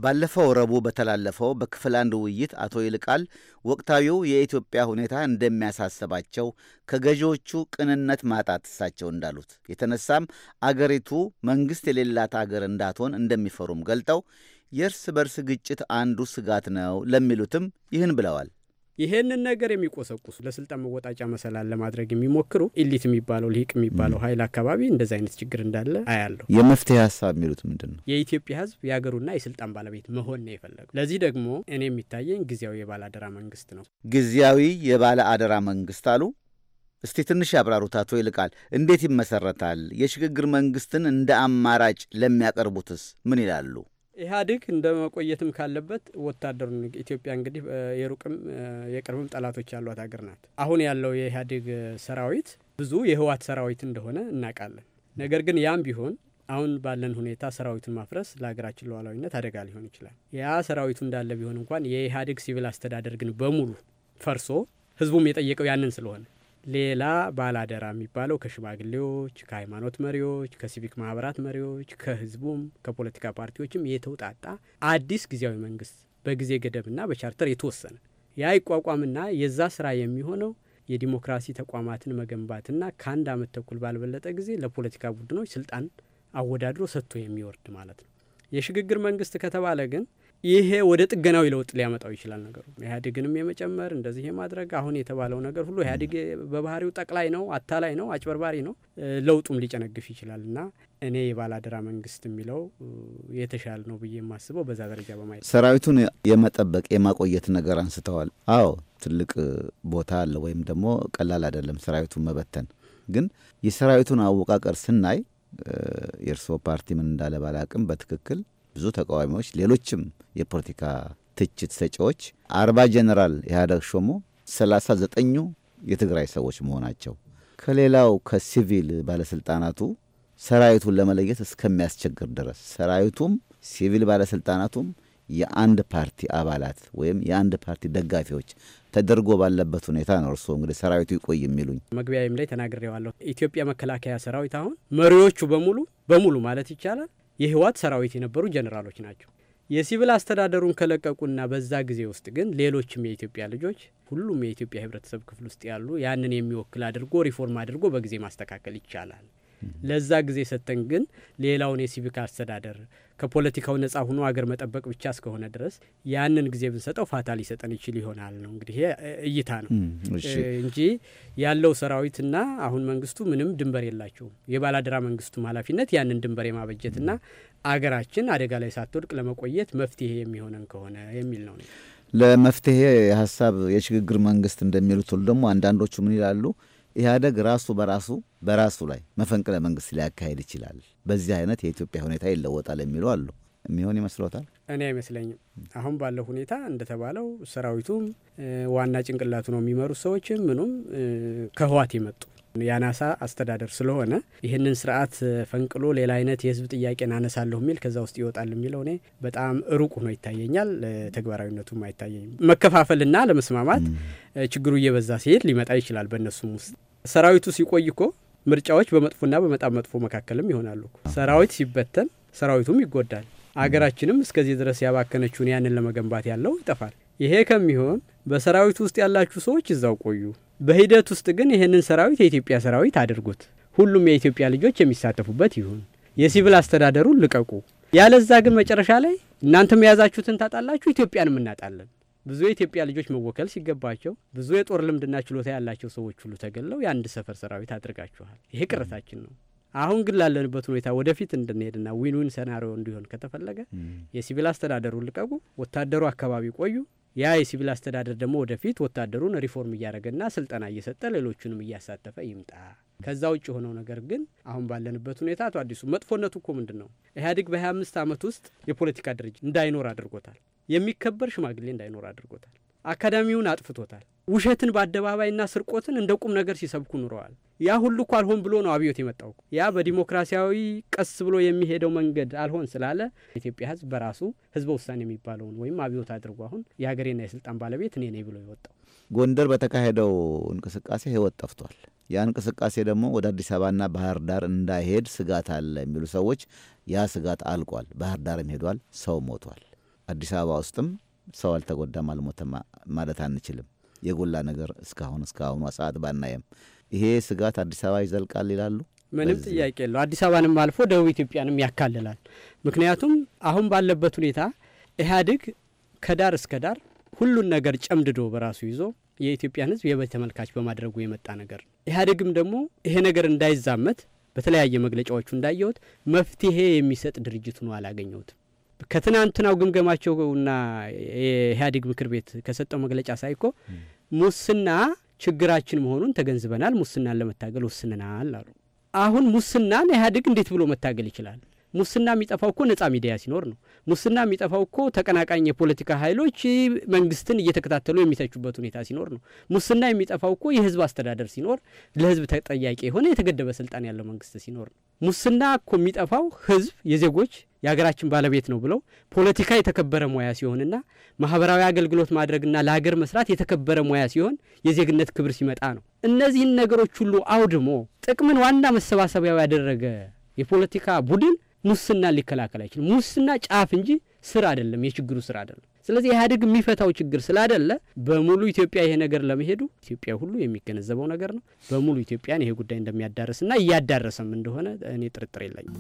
ባለፈው ረቡዕ በተላለፈው በክፍል አንድ ውይይት አቶ ይልቃል ወቅታዊው የኢትዮጵያ ሁኔታ እንደሚያሳስባቸው ከገዢዎቹ ቅንነት ማጣት እሳቸው እንዳሉት የተነሳም አገሪቱ መንግሥት የሌላት አገር እንዳትሆን እንደሚፈሩም ገልጠው የእርስ በርስ ግጭት አንዱ ስጋት ነው ለሚሉትም ይህን ብለዋል። ይህንን ነገር የሚቆሰቁሱ ለስልጣን መወጣጫ መሰላል ለማድረግ የሚሞክሩ ኢሊት የሚባለው ልሂቅ የሚባለው ኃይል አካባቢ እንደዚህ አይነት ችግር እንዳለ አያለሁ። የመፍትሄ ሀሳብ የሚሉት ምንድን ነው? የኢትዮጵያ ሕዝብ የሀገሩና የስልጣን ባለቤት መሆን ነው የፈለገው። ለዚህ ደግሞ እኔ የሚታየኝ ጊዜያዊ የባለአደራ መንግስት ነው። ጊዜያዊ አደራ መንግስት አሉ። እስቲ ትንሽ ያብራሩት አቶ ይልቃል። እንዴት ይመሰረታል? የሽግግር መንግስትን እንደ አማራጭ ለሚያቀርቡትስ ምን ይላሉ? ኢህአዴግ እንደ መቆየትም ካለበት ወታደሩን ኢትዮጵያ እንግዲህ የሩቅም የቅርብም ጠላቶች ያሏት ሀገር ናት። አሁን ያለው የኢህአዴግ ሰራዊት ብዙ የህወሓት ሰራዊት እንደሆነ እናውቃለን። ነገር ግን ያም ቢሆን አሁን ባለን ሁኔታ ሰራዊቱን ማፍረስ ለሀገራችን ሉዓላዊነት አደጋ ሊሆን ይችላል። ያ ሰራዊቱ እንዳለ ቢሆን እንኳን የኢህአዴግ ሲቪል አስተዳደር ግን በሙሉ ፈርሶ ህዝቡም የጠየቀው ያንን ስለሆነ ሌላ ባላደራ የሚባለው ከሽማግሌዎች፣ ከሃይማኖት መሪዎች፣ ከሲቪክ ማህበራት መሪዎች፣ ከህዝቡም ከፖለቲካ ፓርቲዎችም የተውጣጣ አዲስ ጊዜያዊ መንግስት በጊዜ ገደብና በቻርተር የተወሰነ ያ ይቋቋምና የዛ ስራ የሚሆነው የዲሞክራሲ ተቋማትን መገንባትና ከአንድ አመት ተኩል ባልበለጠ ጊዜ ለፖለቲካ ቡድኖች ስልጣን አወዳድሮ ሰጥቶ የሚወርድ ማለት ነው። የሽግግር መንግስት ከተባለ ግን ይሄ ወደ ጥገናዊ ለውጥ ሊያመጣው ይችላል ነገሩ። ኢህአዴግንም የመጨመር እንደዚህ የማድረግ አሁን የተባለው ነገር ሁሉ ኢህአዴግ በባህሪው ጠቅላይ ነው፣ አታላይ ነው፣ አጭበርባሪ ነው። ለውጡም ሊጨነግፍ ይችላል እና እኔ የባላደራ መንግስት የሚለው የተሻለ ነው ብዬ የማስበው በዛ ደረጃ በማየት ሰራዊቱን የመጠበቅ የማቆየት ነገር አንስተዋል። አዎ ትልቅ ቦታ አለ፣ ወይም ደግሞ ቀላል አይደለም ሰራዊቱን መበተን። ግን የሰራዊቱን አወቃቀር ስናይ የእርስዎ ፓርቲ ምን እንዳለ ባላቅም በትክክል ብዙ ተቃዋሚዎች፣ ሌሎችም የፖለቲካ ትችት ሰጪዎች አርባ ጀነራል ኢህአደግ ሾሞ ሰላሳ ዘጠኙ የትግራይ ሰዎች መሆናቸው ከሌላው ከሲቪል ባለስልጣናቱ ሰራዊቱን ለመለየት እስከሚያስቸግር ድረስ ሰራዊቱም ሲቪል ባለስልጣናቱም የአንድ ፓርቲ አባላት ወይም የአንድ ፓርቲ ደጋፊዎች ተደርጎ ባለበት ሁኔታ ነው። እርስዎ እንግዲህ ሰራዊቱ ይቆይ የሚሉኝ መግቢያዊም ላይ ተናግሬዋለሁ። ኢትዮጵያ መከላከያ ሰራዊት አሁን መሪዎቹ በሙሉ በሙሉ ማለት ይቻላል የህወሓት ሰራዊት የነበሩ ጀኔራሎች ናቸው። የሲቪል አስተዳደሩን ከለቀቁና በዛ ጊዜ ውስጥ ግን ሌሎችም የኢትዮጵያ ልጆች ሁሉም የኢትዮጵያ ህብረተሰብ ክፍል ውስጥ ያሉ ያንን የሚወክል አድርጎ ሪፎርም አድርጎ በጊዜ ማስተካከል ይቻላል። ለዛ ጊዜ ሰጥተን ግን ሌላውን የሲቪክ አስተዳደር ከፖለቲካው ነጻ ሆኖ አገር መጠበቅ ብቻ እስከሆነ ድረስ ያንን ጊዜ ብንሰጠው ፋታ ሊሰጠን ይችል ይሆናል ነው እንግዲህ እይታ ነው እንጂ ያለው ሰራዊትና አሁን መንግስቱ ምንም ድንበር የላቸውም። የባላደራ መንግስቱም ኃላፊነት ያንን ድንበር የማበጀትና አገራችን አደጋ ላይ ሳትወድቅ ለመቆየት መፍትሄ የሚሆነን ከሆነ የሚል ነው። ለመፍትሄ የሀሳብ የሽግግር መንግስት እንደሚሉት ሁሉ ደግሞ አንዳንዶቹ ምን ይላሉ? ኢህአደግ ራሱ በራሱ በራሱ ላይ መፈንቅለ መንግስት ሊያካሄድ ይችላል፣ በዚህ አይነት የኢትዮጵያ ሁኔታ ይለወጣል የሚሉ አሉ። የሚሆን ይመስሎታል? እኔ አይመስለኝም። አሁን ባለው ሁኔታ እንደተባለው ሰራዊቱም ዋና ጭንቅላቱ ነው የሚመሩት ሰዎችም ምኑም ከህዋት የመጡ የአናሳ አስተዳደር ስለሆነ ይህንን ስርዓት ፈንቅሎ ሌላ አይነት የህዝብ ጥያቄን አነሳለሁ የሚል ከዛ ውስጥ ይወጣል የሚለው እኔ በጣም ሩቅ ሆኖ ይታየኛል። ተግባራዊነቱም አይታየኝም። መከፋፈልና ለመስማማት ችግሩ እየበዛ ሲሄድ ሊመጣ ይችላል። በእነሱም ውስጥ ሰራዊቱ ሲቆይ እኮ ምርጫዎች በመጥፎና በመጣም መጥፎ መካከልም ይሆናሉ። ሰራዊት ሲበተን ሰራዊቱም ይጎዳል። አገራችንም እስከዚህ ድረስ ያባከነችውን ያንን ለመገንባት ያለው ይጠፋል። ይሄ ከሚሆን በሰራዊት ውስጥ ያላችሁ ሰዎች እዛው ቆዩ። በሂደት ውስጥ ግን ይህንን ሰራዊት የኢትዮጵያ ሰራዊት አድርጉት። ሁሉም የኢትዮጵያ ልጆች የሚሳተፉበት ይሁን። የሲቪል አስተዳደሩን ልቀቁ። ያለዛ ግን መጨረሻ ላይ እናንተም የያዛችሁትን ታጣላችሁ፣ ኢትዮጵያንም እናጣለን። ብዙ የኢትዮጵያ ልጆች መወከል ሲገባቸው ብዙ የጦር ልምድና ችሎታ ያላቸው ሰዎች ሁሉ ተገለው የአንድ ሰፈር ሰራዊት አድርጋችኋል። ይሄ ቅሬታችን ነው። አሁን ግን ላለንበት ሁኔታ ወደፊት እንድንሄድና ዊን ዊን ሰናሪዮ እንዲሆን ከተፈለገ የሲቪል አስተዳደሩን ልቀቁ፣ ወታደሩ አካባቢ ቆዩ። ያ የሲቪል አስተዳደር ደግሞ ወደፊት ወታደሩን ሪፎርም እያደረገና ስልጠና እየሰጠ ሌሎቹንም እያሳተፈ ይምጣ። ከዛ ውጭ የሆነው ነገር ግን አሁን ባለንበት ሁኔታ አቶ አዲሱ መጥፎነቱ እኮ ምንድን ነው? ኢህአዴግ በ25 ዓመት ውስጥ የፖለቲካ ድርጅት እንዳይኖር አድርጎታል። የሚከበር ሽማግሌ እንዳይኖር አድርጎታል። አካዳሚውን አጥፍቶታል። ውሸትን በአደባባይና ስርቆትን እንደ ቁም ነገር ሲሰብኩ ኑረዋል። ያ ሁሉ እኮ አልሆን ብሎ ነው አብዮት የመጣው። ያ በዲሞክራሲያዊ ቀስ ብሎ የሚሄደው መንገድ አልሆን ስላለ ኢትዮጵያ ሕዝብ በራሱ ህዝበ ውሳኔ የሚባለውን ወይም አብዮት አድርጎ አሁን የሀገሬና የስልጣን ባለቤት እኔ ነኝ ብሎ የወጣው ጎንደር በተካሄደው እንቅስቃሴ ህይወት ጠፍቷል። ያ እንቅስቃሴ ደግሞ ወደ አዲስ አበባና ባህር ዳር እንዳይሄድ ስጋት አለ የሚሉ ሰዎች ያ ስጋት አልቋል። ባህር ዳርም ሄዷል፣ ሰው ሞቷል። አዲስ አበባ ውስጥም ሰው አልተጎዳም አልሞተም ማለት አንችልም። የጎላ ነገር እስካሁን እስካሁኑ ሰዓት ባናየም ይሄ ስጋት አዲስ አበባ ይዘልቃል ይላሉ። ምንም ጥያቄ የለው። አዲስ አበባንም አልፎ ደቡብ ኢትዮጵያንም ያካልላል። ምክንያቱም አሁን ባለበት ሁኔታ ኢህአዴግ ከዳር እስከ ዳር ሁሉን ነገር ጨምድዶ በራሱ ይዞ የኢትዮጵያን ሕዝብ የበይ ተመልካች በማድረጉ የመጣ ነገር ነው። ኢህአዴግም ደግሞ ይሄ ነገር እንዳይዛመት በተለያየ መግለጫዎቹ እንዳየሁት መፍትሄ የሚሰጥ ድርጅት ሆኖ አላገኘሁትም። ከትናንትናው ግምገማቸውና የኢህአዴግ ምክር ቤት ከሰጠው መግለጫ ሳይኮ ሙስና ችግራችን መሆኑን ተገንዝበናል፣ ሙስናን ለመታገል ወስንናል አሉ። አሁን ሙስናን ኢህአዴግ እንዴት ብሎ መታገል ይችላል? ሙስና የሚጠፋው እኮ ነጻ ሚዲያ ሲኖር ነው። ሙስና የሚጠፋው እኮ ተቀናቃኝ የፖለቲካ ኃይሎች መንግስትን እየተከታተሉ የሚተቹበት ሁኔታ ሲኖር ነው። ሙስና የሚጠፋው እኮ የህዝብ አስተዳደር ሲኖር፣ ለህዝብ ተጠያቂ የሆነ የተገደበ ስልጣን ያለው መንግስት ሲኖር ነው። ሙስና እኮ የሚጠፋው ህዝብ የዜጎች የሀገራችን ባለቤት ነው ብለው ፖለቲካ የተከበረ ሙያ ሲሆንና ማህበራዊ አገልግሎት ማድረግና ለሀገር መስራት የተከበረ ሙያ ሲሆን የዜግነት ክብር ሲመጣ ነው። እነዚህን ነገሮች ሁሉ አውድሞ ጥቅምን ዋና መሰባሰቢያው ያደረገ የፖለቲካ ቡድን ሙስና ሊከላከል አይችልም። ሙስና ጫፍ እንጂ ስር አይደለም፣ የችግሩ ስር አይደለም። ስለዚህ ኢህአዴግ የሚፈታው ችግር ስላደለ በሙሉ ኢትዮጵያ ይሄ ነገር ለመሄዱ ኢትዮጵያ ሁሉ የሚገነዘበው ነገር ነው። በሙሉ ኢትዮጵያን ይሄ ጉዳይ እንደሚያዳረስና እያዳረሰም እንደሆነ እኔ ጥርጥር የለኝም።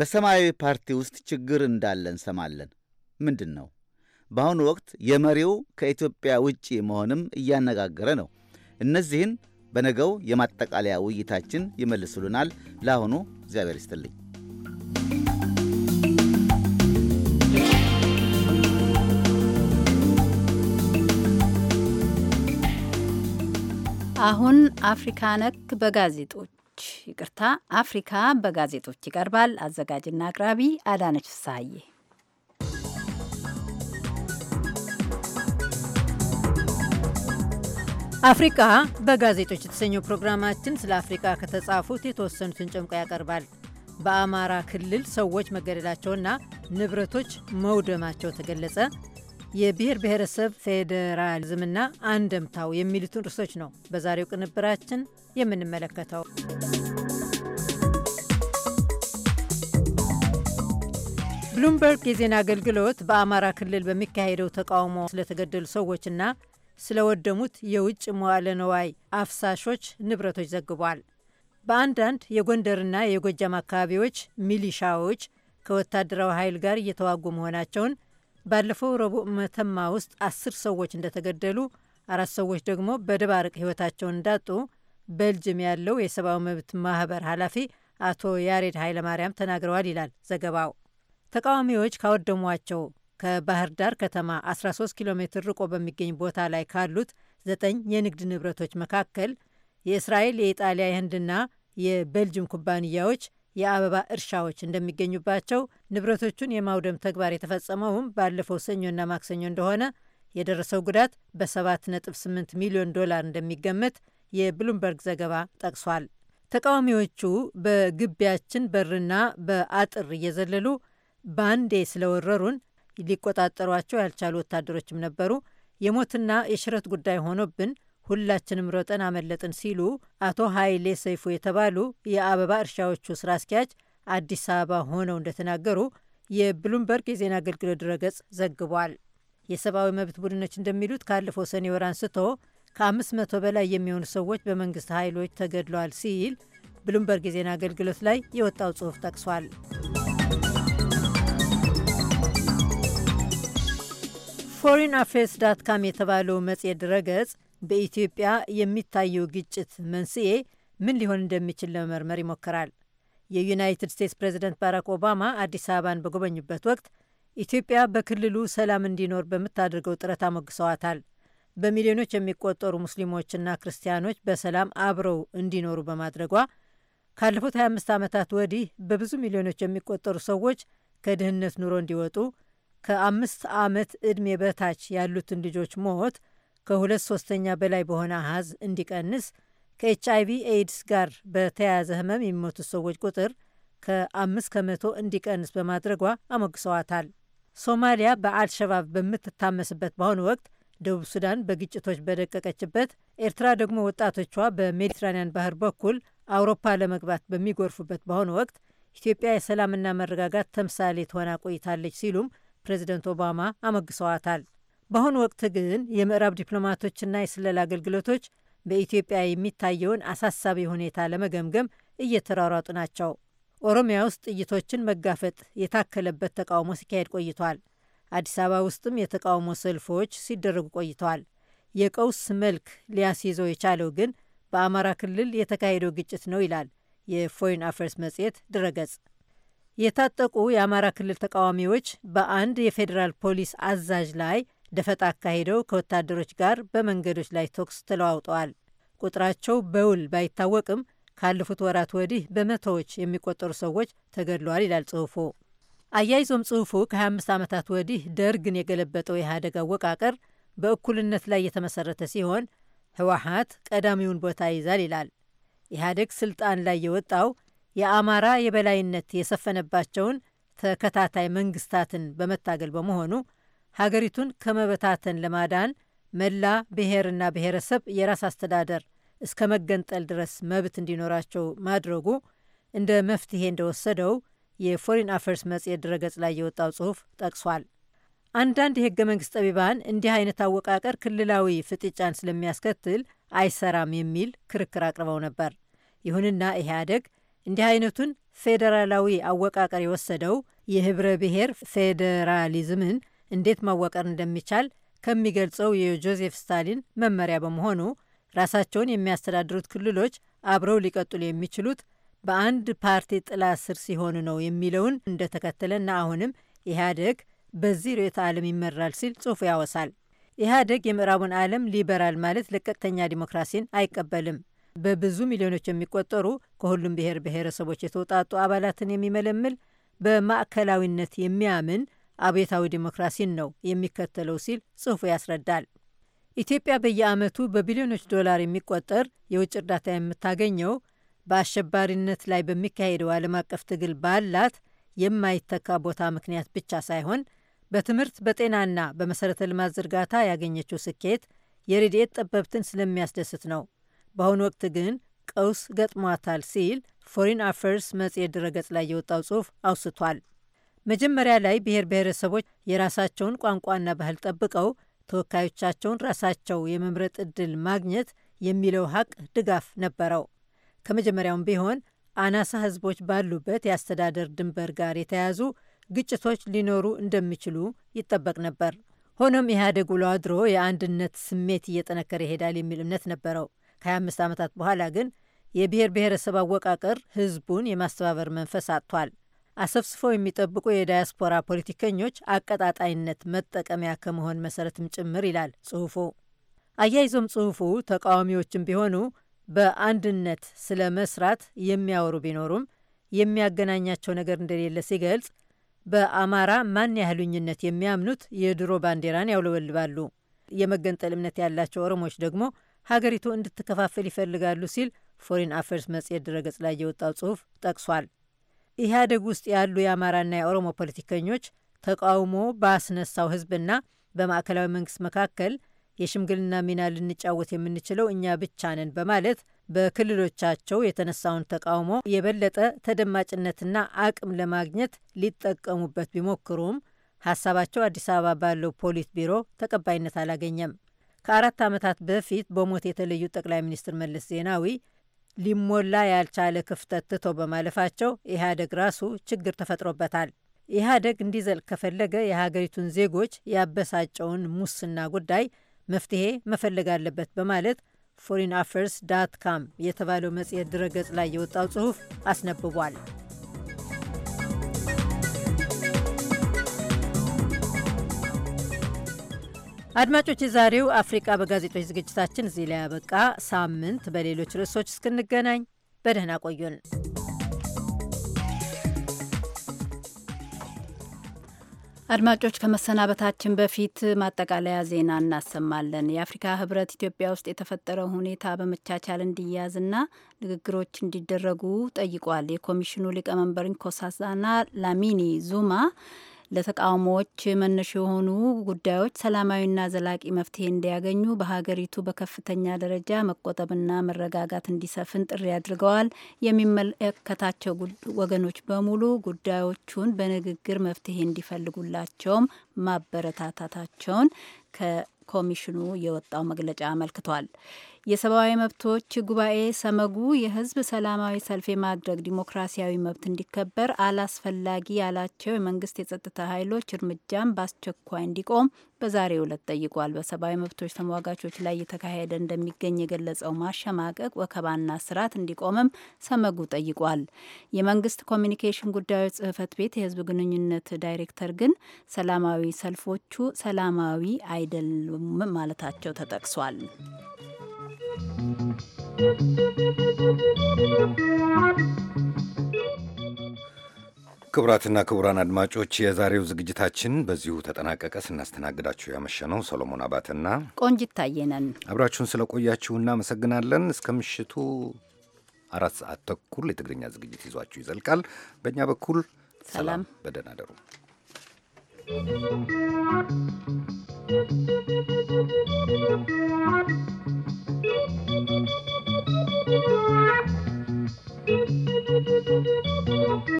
በሰማያዊ ፓርቲ ውስጥ ችግር እንዳለ እንሰማለን። ምንድን ነው? በአሁኑ ወቅት የመሪው ከኢትዮጵያ ውጪ መሆንም እያነጋገረ ነው። እነዚህን በነገው የማጠቃለያ ውይይታችን ይመልሱልናል። ለአሁኑ እግዚአብሔር ይስጥልኝ። አሁን አፍሪካ ነክ በጋዜጦች ይቅርታ፣ አፍሪካ በጋዜጦች ይቀርባል። አዘጋጅና አቅራቢ አዳነች ፍሳሐዬ አፍሪካ በጋዜጦች የተሰኘው ፕሮግራማችን ስለ አፍሪካ ከተጻፉት የተወሰኑትን ጨምቆ ያቀርባል። በአማራ ክልል ሰዎች መገደላቸውና ንብረቶች መውደማቸው ተገለጸ። የብሔር ብሔረሰብ ፌዴራሊዝምና አንደምታው የሚሉትን ርዕሶች ነው በዛሬው ቅንብራችን የምንመለከተው። ብሉምበርግ የዜና አገልግሎት በአማራ ክልል በሚካሄደው ተቃውሞ ስለተገደሉ ሰዎችና ስለወደሙት የውጭ መዋለ ነዋይ አፍሳሾች ንብረቶች ዘግቧል። በአንዳንድ የጎንደርና የጎጃም አካባቢዎች ሚሊሻዎች ከወታደራዊ ኃይል ጋር እየተዋጉ መሆናቸውን ባለፈው ረቡዕ መተማ ውስጥ አስር ሰዎች እንደተገደሉ አራት ሰዎች ደግሞ በደባርቅ ሕይወታቸውን እንዳጡ በልጅም ያለው የሰብአዊ መብት ማህበር ኃላፊ አቶ ያሬድ ኃይለማርያም ተናግረዋል ይላል ዘገባው። ተቃዋሚዎች ካወደሟቸው ከባህር ዳር ከተማ 13 ኪሎ ሜትር ርቆ በሚገኝ ቦታ ላይ ካሉት ዘጠኝ የንግድ ንብረቶች መካከል የእስራኤል፣ የኢጣሊያ፣ የህንድና የቤልጅም ኩባንያዎች የአበባ እርሻዎች እንደሚገኙባቸው፣ ንብረቶቹን የማውደም ተግባር የተፈጸመውም ባለፈው ሰኞና ማክሰኞ እንደሆነ፣ የደረሰው ጉዳት በ7.8 ሚሊዮን ዶላር እንደሚገመት የብሉምበርግ ዘገባ ጠቅሷል። ተቃዋሚዎቹ በግቢያችን በርና በአጥር እየዘለሉ ባንዴ ስለወረሩን ሊቆጣጠሯቸው ያልቻሉ ወታደሮችም ነበሩ። የሞትና የሽረት ጉዳይ ሆኖብን ሁላችንም ሮጠን አመለጥን ሲሉ አቶ ኃይሌ ሰይፉ የተባሉ የአበባ እርሻዎቹ ስራ አስኪያጅ አዲስ አበባ ሆነው እንደተናገሩ የብሉምበርግ የዜና አገልግሎት ድረገጽ ዘግቧል። የሰብአዊ መብት ቡድኖች እንደሚሉት ካለፈው ሰኔ ወር አንስቶ ከአምስት መቶ በላይ የሚሆኑ ሰዎች በመንግስት ኃይሎች ተገድለዋል ሲል ብሉምበርግ የዜና አገልግሎት ላይ የወጣው ጽሑፍ ጠቅሷል። ፎሪን አፌርስ ዳት ካም የተባለው መጽሔት ድረገጽ በኢትዮጵያ የሚታየው ግጭት መንስኤ ምን ሊሆን እንደሚችል ለመመርመር ይሞክራል። የዩናይትድ ስቴትስ ፕሬዝደንት ባራክ ኦባማ አዲስ አበባን በጎበኙበት ወቅት ኢትዮጵያ በክልሉ ሰላም እንዲኖር በምታደርገው ጥረት አሞግሰዋታል። በሚሊዮኖች የሚቆጠሩ ሙስሊሞችና ክርስቲያኖች በሰላም አብረው እንዲኖሩ በማድረጓ ካለፉት 25 ዓመታት ወዲህ በብዙ ሚሊዮኖች የሚቆጠሩ ሰዎች ከድህነት ኑሮ እንዲወጡ ከአምስት ዓመት ዕድሜ በታች ያሉትን ልጆች ሞት ከሁለት ሶስተኛ በላይ በሆነ አሃዝ እንዲቀንስ ከኤች አይቪ ኤድስ ጋር በተያያዘ ህመም የሚሞቱት ሰዎች ቁጥር ከአምስት ከመቶ እንዲቀንስ በማድረጓ አሞግሰዋታል። ሶማሊያ በአልሸባብ በምትታመስበት በአሁኑ ወቅት ደቡብ ሱዳን በግጭቶች በደቀቀችበት፣ ኤርትራ ደግሞ ወጣቶቿ በሜዲትራኒያን ባህር በኩል አውሮፓ ለመግባት በሚጎርፉበት በአሁኑ ወቅት ኢትዮጵያ የሰላምና መረጋጋት ተምሳሌ ትሆና ቆይታለች ሲሉም ፕሬዚደንት ኦባማ አመግሰዋታል። በአሁኑ ወቅት ግን የምዕራብ ዲፕሎማቶችና የስለላ አገልግሎቶች በኢትዮጵያ የሚታየውን አሳሳቢ ሁኔታ ለመገምገም እየተሯሯጡ ናቸው። ኦሮሚያ ውስጥ ጥይቶችን መጋፈጥ የታከለበት ተቃውሞ ሲካሄድ ቆይቷል። አዲስ አበባ ውስጥም የተቃውሞ ሰልፎች ሲደረጉ ቆይተዋል። የቀውስ መልክ ሊያስይዘው የቻለው ግን በአማራ ክልል የተካሄደው ግጭት ነው ይላል የፎሪን አፌርስ መጽሔት ድረገጽ። የታጠቁ የአማራ ክልል ተቃዋሚዎች በአንድ የፌዴራል ፖሊስ አዛዥ ላይ ደፈጣ አካሂደው ከወታደሮች ጋር በመንገዶች ላይ ተኩስ ተለዋውጠዋል። ቁጥራቸው በውል ባይታወቅም ካለፉት ወራት ወዲህ በመቶዎች የሚቆጠሩ ሰዎች ተገድለዋል ይላል ጽሑፉ። አያይዞም ጽሑፉ ከ25 ዓመታት ወዲህ ደርግን የገለበጠው የኢህአዴግ አወቃቀር በእኩልነት ላይ የተመሰረተ ሲሆን ህወሀት ቀዳሚውን ቦታ ይይዛል ይላል። ኢህአዴግ ስልጣን ላይ የወጣው የአማራ የበላይነት የሰፈነባቸውን ተከታታይ መንግስታትን በመታገል በመሆኑ ሀገሪቱን ከመበታተን ለማዳን መላ ብሔርና ብሔረሰብ የራስ አስተዳደር እስከ መገንጠል ድረስ መብት እንዲኖራቸው ማድረጉ እንደ መፍትሄ እንደወሰደው የፎሪን አፌርስ መጽሔት ድረገጽ ላይ የወጣው ጽሑፍ ጠቅሷል። አንዳንድ የህገ መንግስት ጠቢባን እንዲህ አይነት አወቃቀር ክልላዊ ፍጥጫን ስለሚያስከትል አይሰራም የሚል ክርክር አቅርበው ነበር። ይሁንና ኢህአዴግ እንዲህ አይነቱን ፌዴራላዊ አወቃቀር የወሰደው የህብረ ብሔር ፌዴራሊዝምን እንዴት ማዋቀር እንደሚቻል ከሚገልጸው የጆዜፍ ስታሊን መመሪያ በመሆኑ ራሳቸውን የሚያስተዳድሩት ክልሎች አብረው ሊቀጥሉ የሚችሉት በአንድ ፓርቲ ጥላ ስር ሲሆኑ ነው የሚለውን እንደተከተለና አሁንም ኢህአደግ በዚህ ርዕዮተ ዓለም ይመራል ሲል ጽሑፉ ያወሳል። ኢህአደግ የምዕራቡን ዓለም ሊበራል ማለት ለቀቅተኛ ዲሞክራሲን አይቀበልም። በብዙ ሚሊዮኖች የሚቆጠሩ ከሁሉም ብሔር ብሔረሰቦች የተውጣጡ አባላትን የሚመለምል በማዕከላዊነት የሚያምን አብዮታዊ ዲሞክራሲን ነው የሚከተለው ሲል ጽሑፉ ያስረዳል። ኢትዮጵያ በየዓመቱ በቢሊዮኖች ዶላር የሚቆጠር የውጭ እርዳታ የምታገኘው በአሸባሪነት ላይ በሚካሄደው ዓለም አቀፍ ትግል ባላት የማይተካ ቦታ ምክንያት ብቻ ሳይሆን በትምህርት በጤናና በመሠረተ ልማት ዝርጋታ ያገኘችው ስኬት የረድኤት ጠበብትን ስለሚያስደስት ነው። በአሁኑ ወቅት ግን ቀውስ ገጥሟታል ሲል ፎሪን አፌርስ መጽሔት ድረገጽ ላይ የወጣው ጽሑፍ አውስቷል። መጀመሪያ ላይ ብሔር ብሔረሰቦች የራሳቸውን ቋንቋና ባህል ጠብቀው ተወካዮቻቸውን ራሳቸው የመምረጥ ዕድል ማግኘት የሚለው ሀቅ ድጋፍ ነበረው። ከመጀመሪያውም ቢሆን አናሳ ሕዝቦች ባሉበት የአስተዳደር ድንበር ጋር የተያያዙ ግጭቶች ሊኖሩ እንደሚችሉ ይጠበቅ ነበር። ሆኖም ኢህአዴግ ውሎ አድሮ የአንድነት ስሜት እየጠነከረ ይሄዳል የሚል እምነት ነበረው። ከ25 ዓመታት በኋላ ግን የብሔር ብሔረሰብ አወቃቀር ህዝቡን የማስተባበር መንፈስ አጥቷል። አሰብስፈው የሚጠብቁ የዳያስፖራ ፖለቲከኞች አቀጣጣይነት መጠቀሚያ ከመሆን መሰረትም ጭምር ይላል ጽሁፉ። አያይዞም ጽሁፉ ተቃዋሚዎችም ቢሆኑ በአንድነት ስለ መስራት የሚያወሩ ቢኖሩም የሚያገናኛቸው ነገር እንደሌለ ሲገልጽ፣ በአማራ ማን ያህሉኝነት የሚያምኑት የድሮ ባንዲራን ያውለበልባሉ። የመገንጠል እምነት ያላቸው ኦሮሞዎች ደግሞ ሀገሪቱ እንድትከፋፈል ይፈልጋሉ ሲል ፎሪን አፌርስ መጽሔት ድረገጽ ላይ የወጣው ጽሑፍ ጠቅሷል። ኢህአደግ ውስጥ ያሉ የአማራና የኦሮሞ ፖለቲከኞች ተቃውሞ ባስነሳው ህዝብና በማዕከላዊ መንግስት መካከል የሽምግልና ሚና ልንጫወት የምንችለው እኛ ብቻ ነን በማለት በክልሎቻቸው የተነሳውን ተቃውሞ የበለጠ ተደማጭነትና አቅም ለማግኘት ሊጠቀሙበት ቢሞክሩም ሀሳባቸው አዲስ አበባ ባለው ፖሊት ቢሮ ተቀባይነት አላገኘም። ከአራት ዓመታት በፊት በሞት የተለዩት ጠቅላይ ሚኒስትር መለስ ዜናዊ ሊሞላ ያልቻለ ክፍተት ትቶ በማለፋቸው ኢህአደግ ራሱ ችግር ተፈጥሮበታል። ኢህአደግ እንዲዘልቅ ከፈለገ የሀገሪቱን ዜጎች ያበሳጨውን ሙስና ጉዳይ መፍትሄ መፈለግ አለበት በማለት ፎሪን አፌርስ ዳት ካም የተባለው መጽሔት ድረገጽ ላይ የወጣው ጽሑፍ አስነብቧል። አድማጮች፣ የዛሬው አፍሪቃ በጋዜጦች ዝግጅታችን እዚህ ላይ ያበቃ። ሳምንት በሌሎች ርዕሶች እስክንገናኝ በደህና ቆዩን። አድማጮች ከመሰናበታችን በፊት ማጠቃለያ ዜና እናሰማለን። የአፍሪካ ህብረት ኢትዮጵያ ውስጥ የተፈጠረው ሁኔታ በመቻቻል እንዲያዝና ንግግሮች እንዲደረጉ ጠይቋል። የኮሚሽኑ ሊቀመንበር ንኮሳዛና ላሚኒ ዙማ ለተቃውሞዎች መነሽ የሆኑ ጉዳዮች ሰላማዊና ዘላቂ መፍትሄ እንዲያገኙ በሀገሪቱ በከፍተኛ ደረጃ መቆጠብና መረጋጋት እንዲሰፍን ጥሪ አድርገዋል። የሚመለከታቸው ወገኖች በሙሉ ጉዳዮቹን በንግግር መፍትሄ እንዲፈልጉላቸውም ማበረታታታቸውን ከኮሚሽኑ የወጣው መግለጫ አመልክቷል። የሰብአዊ መብቶች ጉባኤ ሰመጉ የህዝብ ሰላማዊ ሰልፍ የማድረግ ዲሞክራሲያዊ መብት እንዲከበር አላስፈላጊ ያላቸው የመንግስት የጸጥታ ኃይሎች እርምጃም በአስቸኳይ እንዲቆም በዛሬ ዕለት ጠይቋል። በሰብአዊ መብቶች ተሟጋቾች ላይ እየተካሄደ እንደሚገኝ የገለጸው ማሸማቀቅ፣ ወከባና ስርዓት እንዲቆምም ሰመጉ ጠይቋል። የመንግስት ኮሚኒኬሽን ጉዳዮች ጽህፈት ቤት የህዝብ ግንኙነት ዳይሬክተር ግን ሰላማዊ ሰልፎቹ ሰላማዊ አይደሉም ማለታቸው ተጠቅሷል። ክቡራትና ክቡራን አድማጮች የዛሬው ዝግጅታችን በዚሁ ተጠናቀቀ። ስናስተናግዳችሁ ያመሸ ነው ሰሎሞን አባትና ቆንጂት ታየነን አብራችሁን ስለቆያችሁ እናመሰግናለን። እስከ ምሽቱ አራት ሰዓት ተኩል የትግርኛ ዝግጅት ይዟችሁ ይዘልቃል። በእኛ በኩል ሰላም፣ በደህና you. Thank you.